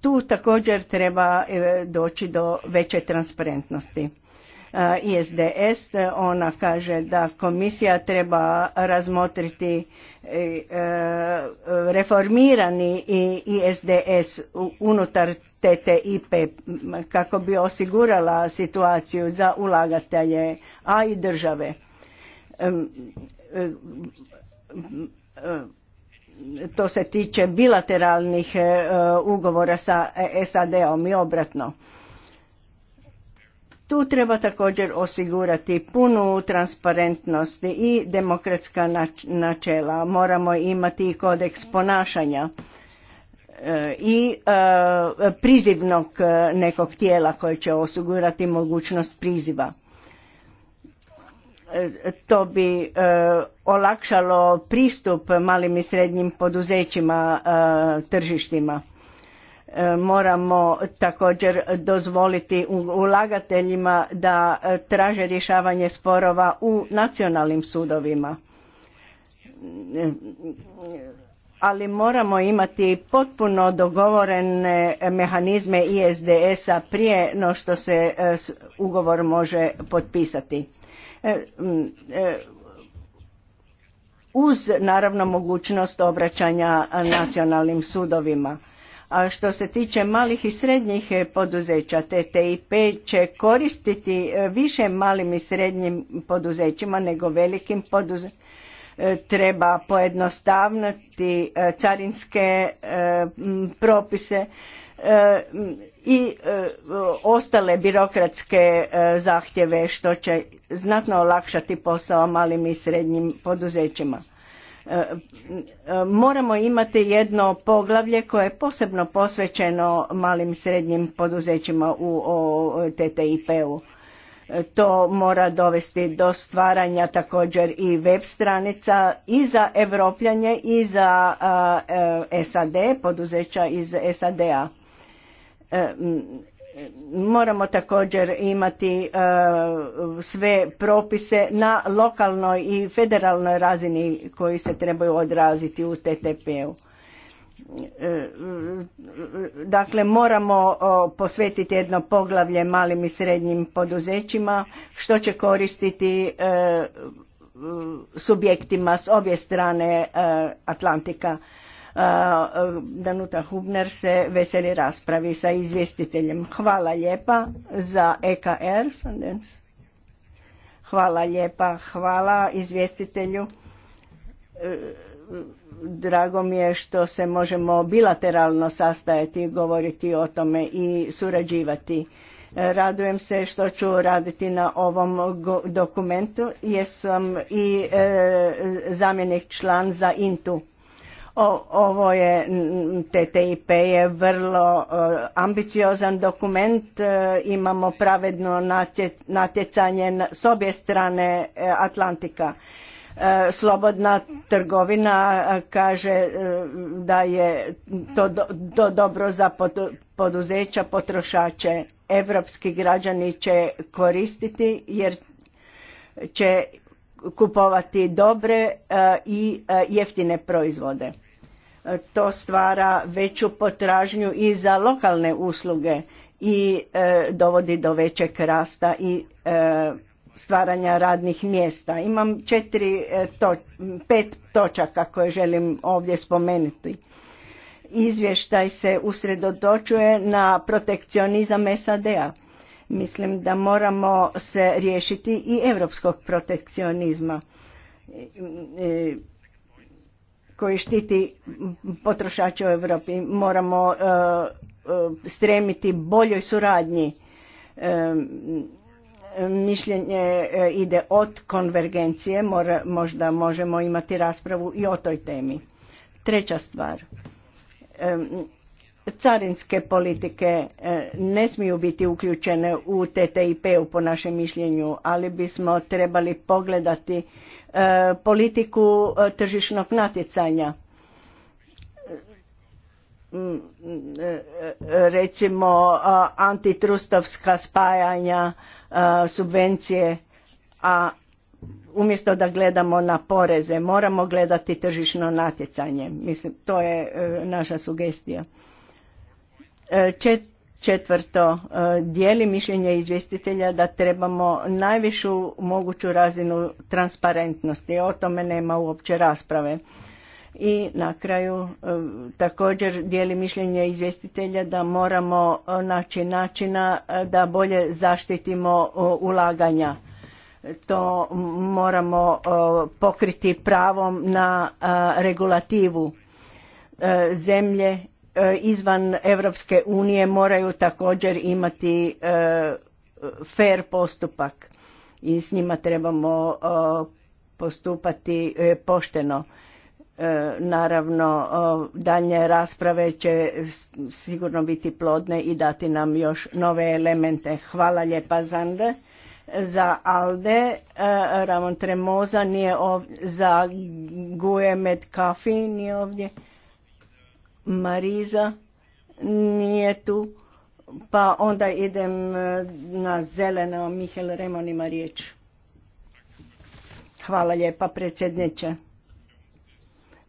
Speaker 1: Tu također treba doći do veće transparentnosti. Eh, ISDS. Ona kaže da komisija treba razmotriti eh, eh, reformirani ISDS unutar TTIP kako bi osigurala situaciju za ulagatelje, a i države to se tiče bilateralnih ugovora sa e SAD-om i obratno. Tu treba također osigurati punu transparentnost i demokratska načela. Moramo imati i kodeks ponašanja e, i e, prizivnog e, nekog tijela koje će osigurati mogućnost priziva. To bi olakšalo pristup malim i srednjim poduzećima tržištima E, moramo također dozvoliti ulagateljima da e, traže rješavanje sporova u nacionalnim sudovima e, ali moramo imati potpuno dogovorene mehanizme ISDS-a prije no što se ugovor može potpisati. Uz naravno mogućnost obraćanja nacionalnim sudovima. A što se tiče malih i srednjih eh, poduzeća, TTIP će koristiti eh, više malim i srednjim poduzećima nego velikim poduzećima. Eh, treba pojednostavniti carinske propise i ostale birokratske zahtjeve što će znatno olakšati posao malim i srednjim poduzećima E, e, moramo imati jedno poglavlje koje je posebno posvećeno malim i srednjim poduzećima u TTIP-u. E, to mora dovesti do stvaranja također i web stranica i za Evropljanje i za SAD, poduzeća iz SAD-a moramo također imati e, sve propise na lokalnoj i federalnoj razini koji se trebaju odraziti u TTP-u. E, e, dakle, moramo posvetiti jedno poglavlje malim i srednjim poduzećima što će koristiti subjektima s obje strane Atlantika Eh, Danuta Hubner se veseli raspravi sa izvjestiteljem. Hvala lijepa za EKR. Hvala lijepa, hvala izvjestitelju. Eh, drago mi je što se možemo bilateralno sastajati, govoriti o tome i surađivati. Eh, radujem se što ću raditi na ovom dokumentu jer sam i zamjenik član za INTU ovo je, TTIP je vrlo e, ambiciozan dokument, e, imamo pravedno natjecanje s obje strane e, Atlantika. Slobodna trgovina kaže da je to, to dobro za poduzeća, potrošače. Evropski građani će koristiti jer će kupovati dobre i jeftine proizvode to stvara veću potražnju i za lokalne usluge i e, dovodi do većeg rasta i e, stvaranja radnih mjesta. Imam četiri, e, to, pet točaka koje želim ovdje spomenuti. Izvještaj se usredotočuje na protekcionizam SAD-a. Mislim da moramo se riješiti i europskog protekcionizma. E, koji štiti potrošače u Europi. Moramo e, e, stremiti boljoj suradnji. E, mišljenje ide od konvergencije, možda možemo imati raspravu i o toj temi. Treća stvar. Carinske politike ne smiju biti uključene u TTIP-u po našem mišljenju, ali bismo trebali pogledati E, politiku e, tržišnog natjecanja mm, mm, e, recimo antitrustovska spajanja, subvencije, a umjesto da gledamo na poreze, moramo gledati tržišno natjecanje. Mislim, to je naša sugestija. Čet Četvrto, e, dijeli mišljenje izvjestitelja da trebamo najvišu moguću razinu transparentnosti. O tome nema uopće rasprave. I na kraju e, također dijeli mišljenje izvjestitelja da moramo e, naći načina da bolje zaštitimo ulaganja. To moramo pokriti pravom na regulativu zemlje E, izvan Europske unije moraju također imati e, fair postupak i s njima trebamo e, postupati pošteno. Naravno, daljnje rasprave će sigurno biti plodne i dati nam još nove elemente. Hvala lijepa Zande. Za Alde, Ramon Tremoza nije ovdje, za Guemet Kafi nije ovdje. Mariza nije tu, pa onda idem e, na zeleno. Mihel Remon ima riječ. Hvala lijepa predsjedniče.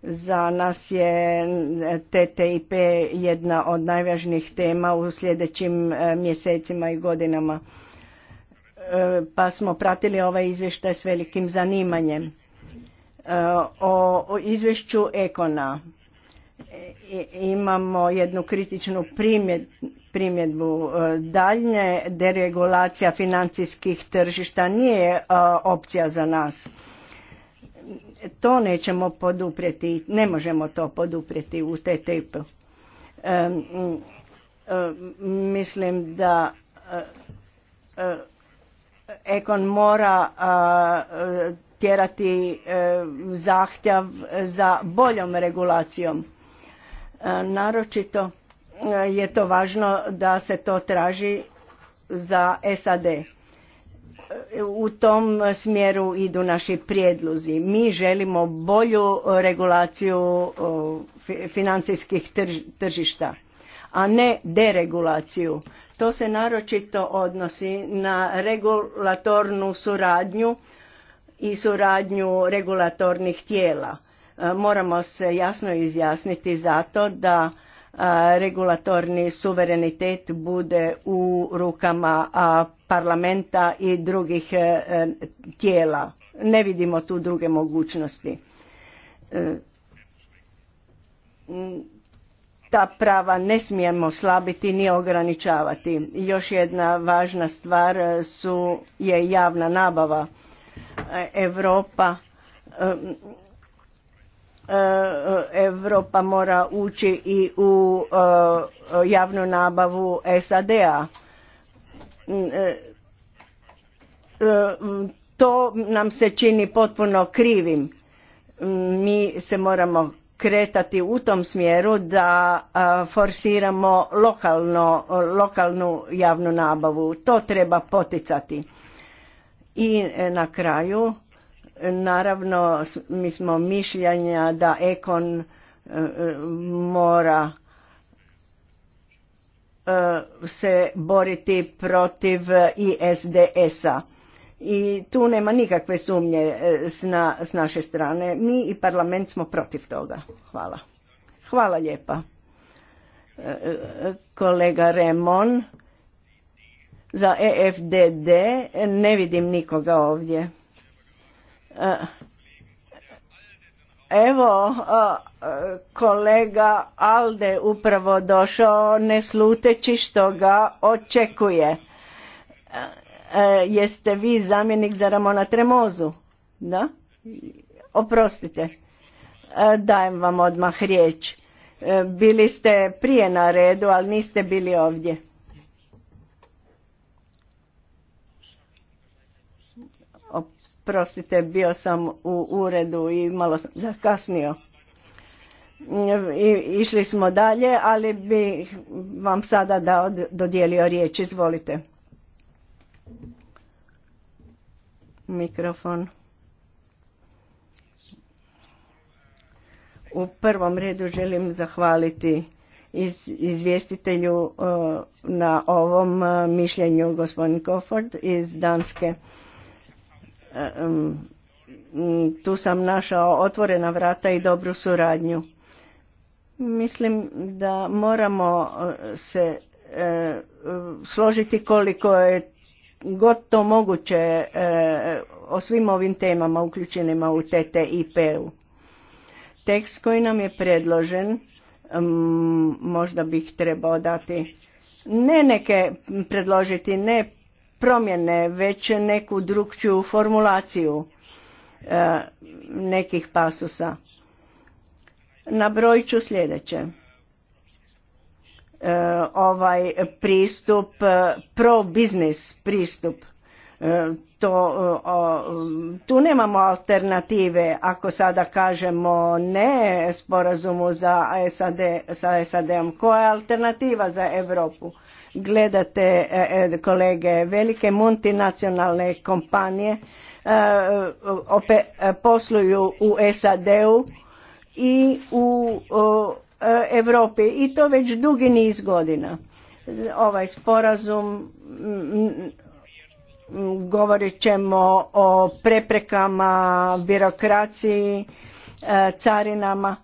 Speaker 1: Za nas je e, TTIP jedna od najvažnijih tema u sljedećim e, mjesecima i godinama. Pa smo pratili ovaj izvještaj s velikim zanimanjem. O izvješću Ekona imamo jednu kritičnu primjedbu e, daljnje deregulacija financijskih tržišta nije e, opcija za nas to nećemo poduprijeti ne možemo to poduprijeti u TTIP e, mislim da Ekon mora tjerati zahtjev za boljom regulacijom E, naročito e, je to važno da se to traži za SAD. E, u tom smjeru idu naši prijedluzi. Mi želimo bolju regulaciju financijskih tržišta, a ne deregulaciju. To se naročito odnosi na regulatornu suradnju i suradnju regulatornih tijela E, moramo se jasno izjasniti zato da e, regulatorni suverenitet bude u rukama parlamenta i drugih e, tijela. Ne vidimo tu druge mogućnosti. Ta prava ne smijemo slabiti ni ograničavati. Još jedna važna stvar su, je javna nabava. Europa Europa mora ući i u e, javnu nabavu SAD-a. Mm, e, e, mm, to nam se čini potpuno krivim. Mm, mi se moramo kretati u tom smjeru da forsiramo lokalno, lokalnu javnu nabavu. To treba poticati. I na kraju Naravno, mi smo mišljenja da Ekon e, e, mora e, se boriti protiv ISDS-a. I tu nema nikakve sumnje s naše strane. Mi i parlament smo protiv toga. Hvala. Hvala lijepa. Kolega Remon za EFDD ne vidim nikoga ovdje. Eh, evo, kolega Alde upravo došao, ne sluteći što ga očekuje. Eh, eh, jeste vi zamjenik za Ramona Tremozu? Da? Oprostite. Dajem vam odmah riječ. Bili ste prije na redu, ali niste bili ovdje. Prostite, bio sam u uredu i malo sam zakasnio. I, išli smo dalje, ali bi vam sada dao, dodijelio riječ. Izvolite. Mikrofon. U prvom redu želim zahvaliti izvjestitelju e, na ovom e, mišljenju gospodin Koford iz Danske tu sam našao otvorena vrata i dobru suradnju. Mislim da moramo eh, se eh, složiti koliko je god to moguće eh, o svim ovim temama uključenima u TTIP-u. Tekst koji nam je predložen možda bih trebao dati ne neke predložiti, ne promjene, već neku drugčiju formulaciju e, nekih pasusa. Nabrojit ću sljedeće. E, ovaj pristup, e, pro-biznis pristup, to, o, tu nemamo alternative ako sada kažemo ne sporazumu za SAD, sa SAD-om. Koja je alternativa za Europu? gledate e, e, kolege velike multinacionalne kompanije e, posluju u SAD-u i u Europi i to već dugi niz godina. Ovaj sporazum govorit ćemo o preprekama, birokraciji, carinama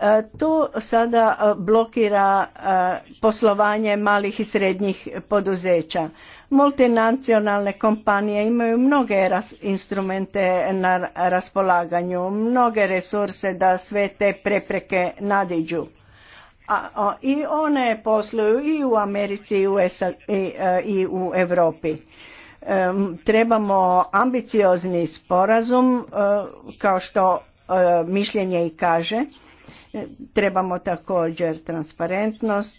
Speaker 1: E, to sada e, blokira e, poslovanje malih i srednjih poduzeća. Multinacionalne kompanije imaju mnoge instrumente na raspolaganju, mnoge resurse da sve te prepreke nadiđu. A, I one posluju i u Americi i u, Evropi. i, u Europi. trebamo ambiciozni sporazum, kao što mišljenje i kaže, Trebamo također transparentnost,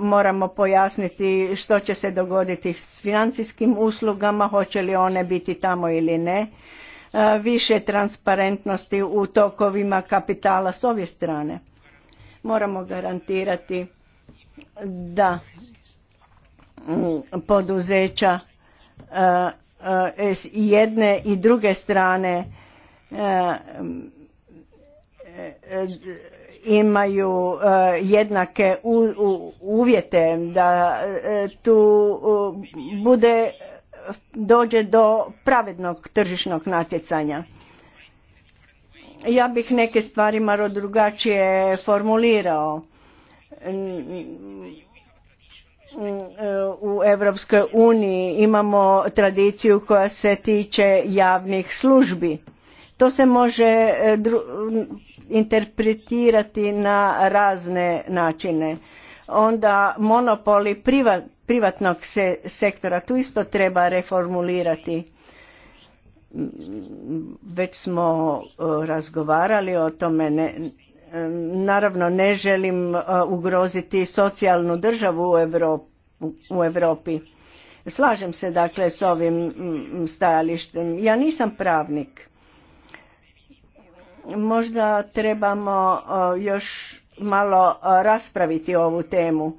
Speaker 1: moramo pojasniti što će se dogoditi s financijskim uslugama, hoće li one biti tamo ili ne. E, više transparentnosti u tokovima kapitala s ove strane. Moramo garantirati da mm, poduzeća e, e, s jedne i druge strane E, e, imaju e, jednake uvjete da tu bude dođe do pravednog tržišnog natjecanja. Ja bih neke stvari malo drugačije formulirao. U Europskoj uniji imamo tradiciju koja se tiče javnih službi to se može e, interpretirati na razne načine. Onda monopoli privatnog sektora, tu isto treba reformulirati. Već smo e, razgovarali o tome, ne, e, naravno ne želim ugroziti socijalnu državu u Europi. Slažem se dakle s ovim stajalištem. Ja nisam pravnik Možda trebamo e, još malo e, raspraviti ovu temu.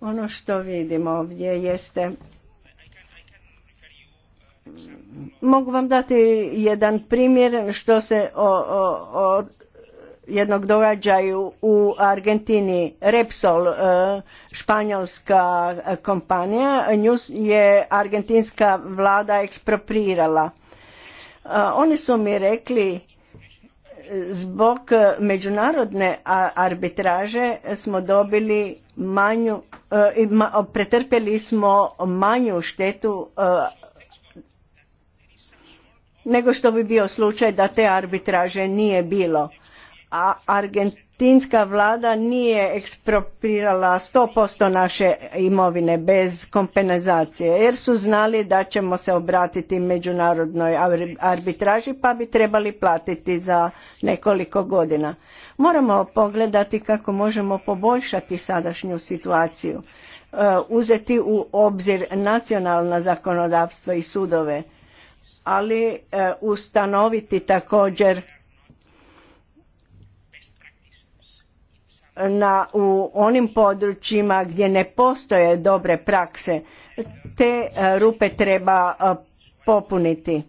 Speaker 1: Ono što vidimo ovdje jeste... Mogu vam dati jedan primjer što se o, jednog događaju u Argentini. Repsol, e, španjolska kompanija, nju je argentinska vlada ekspropriirala. Oni su mi rekli zbog e, međunarodne arbitraže smo dobili manju, e, pretrpjeli smo manju štetu e, nego što bi bio slučaj da te arbitraže nije bilo. A Argent, Tinska vlada nije eksproprirala 100% naše imovine bez kompenzacije jer su znali da ćemo se obratiti međunarodnoj arbitraži pa bi trebali platiti za nekoliko godina. Moramo pogledati kako možemo poboljšati sadašnju situaciju, e, uzeti u obzir nacionalna zakonodavstva i sudove, ali e, ustanoviti također na, u onim područjima gdje ne postoje dobre prakse. Te e, rupe treba e, popuniti.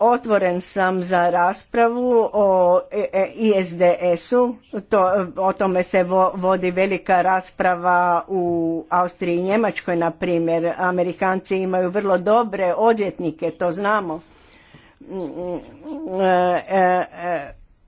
Speaker 1: Otvoren sam za raspravu o e, ISDS-u, to, o tome se vodi velika rasprava u Austriji i Njemačkoj, na primjer. Amerikanci imaju vrlo dobre odvjetnike, to znamo. Mm, mm, mm, e, e,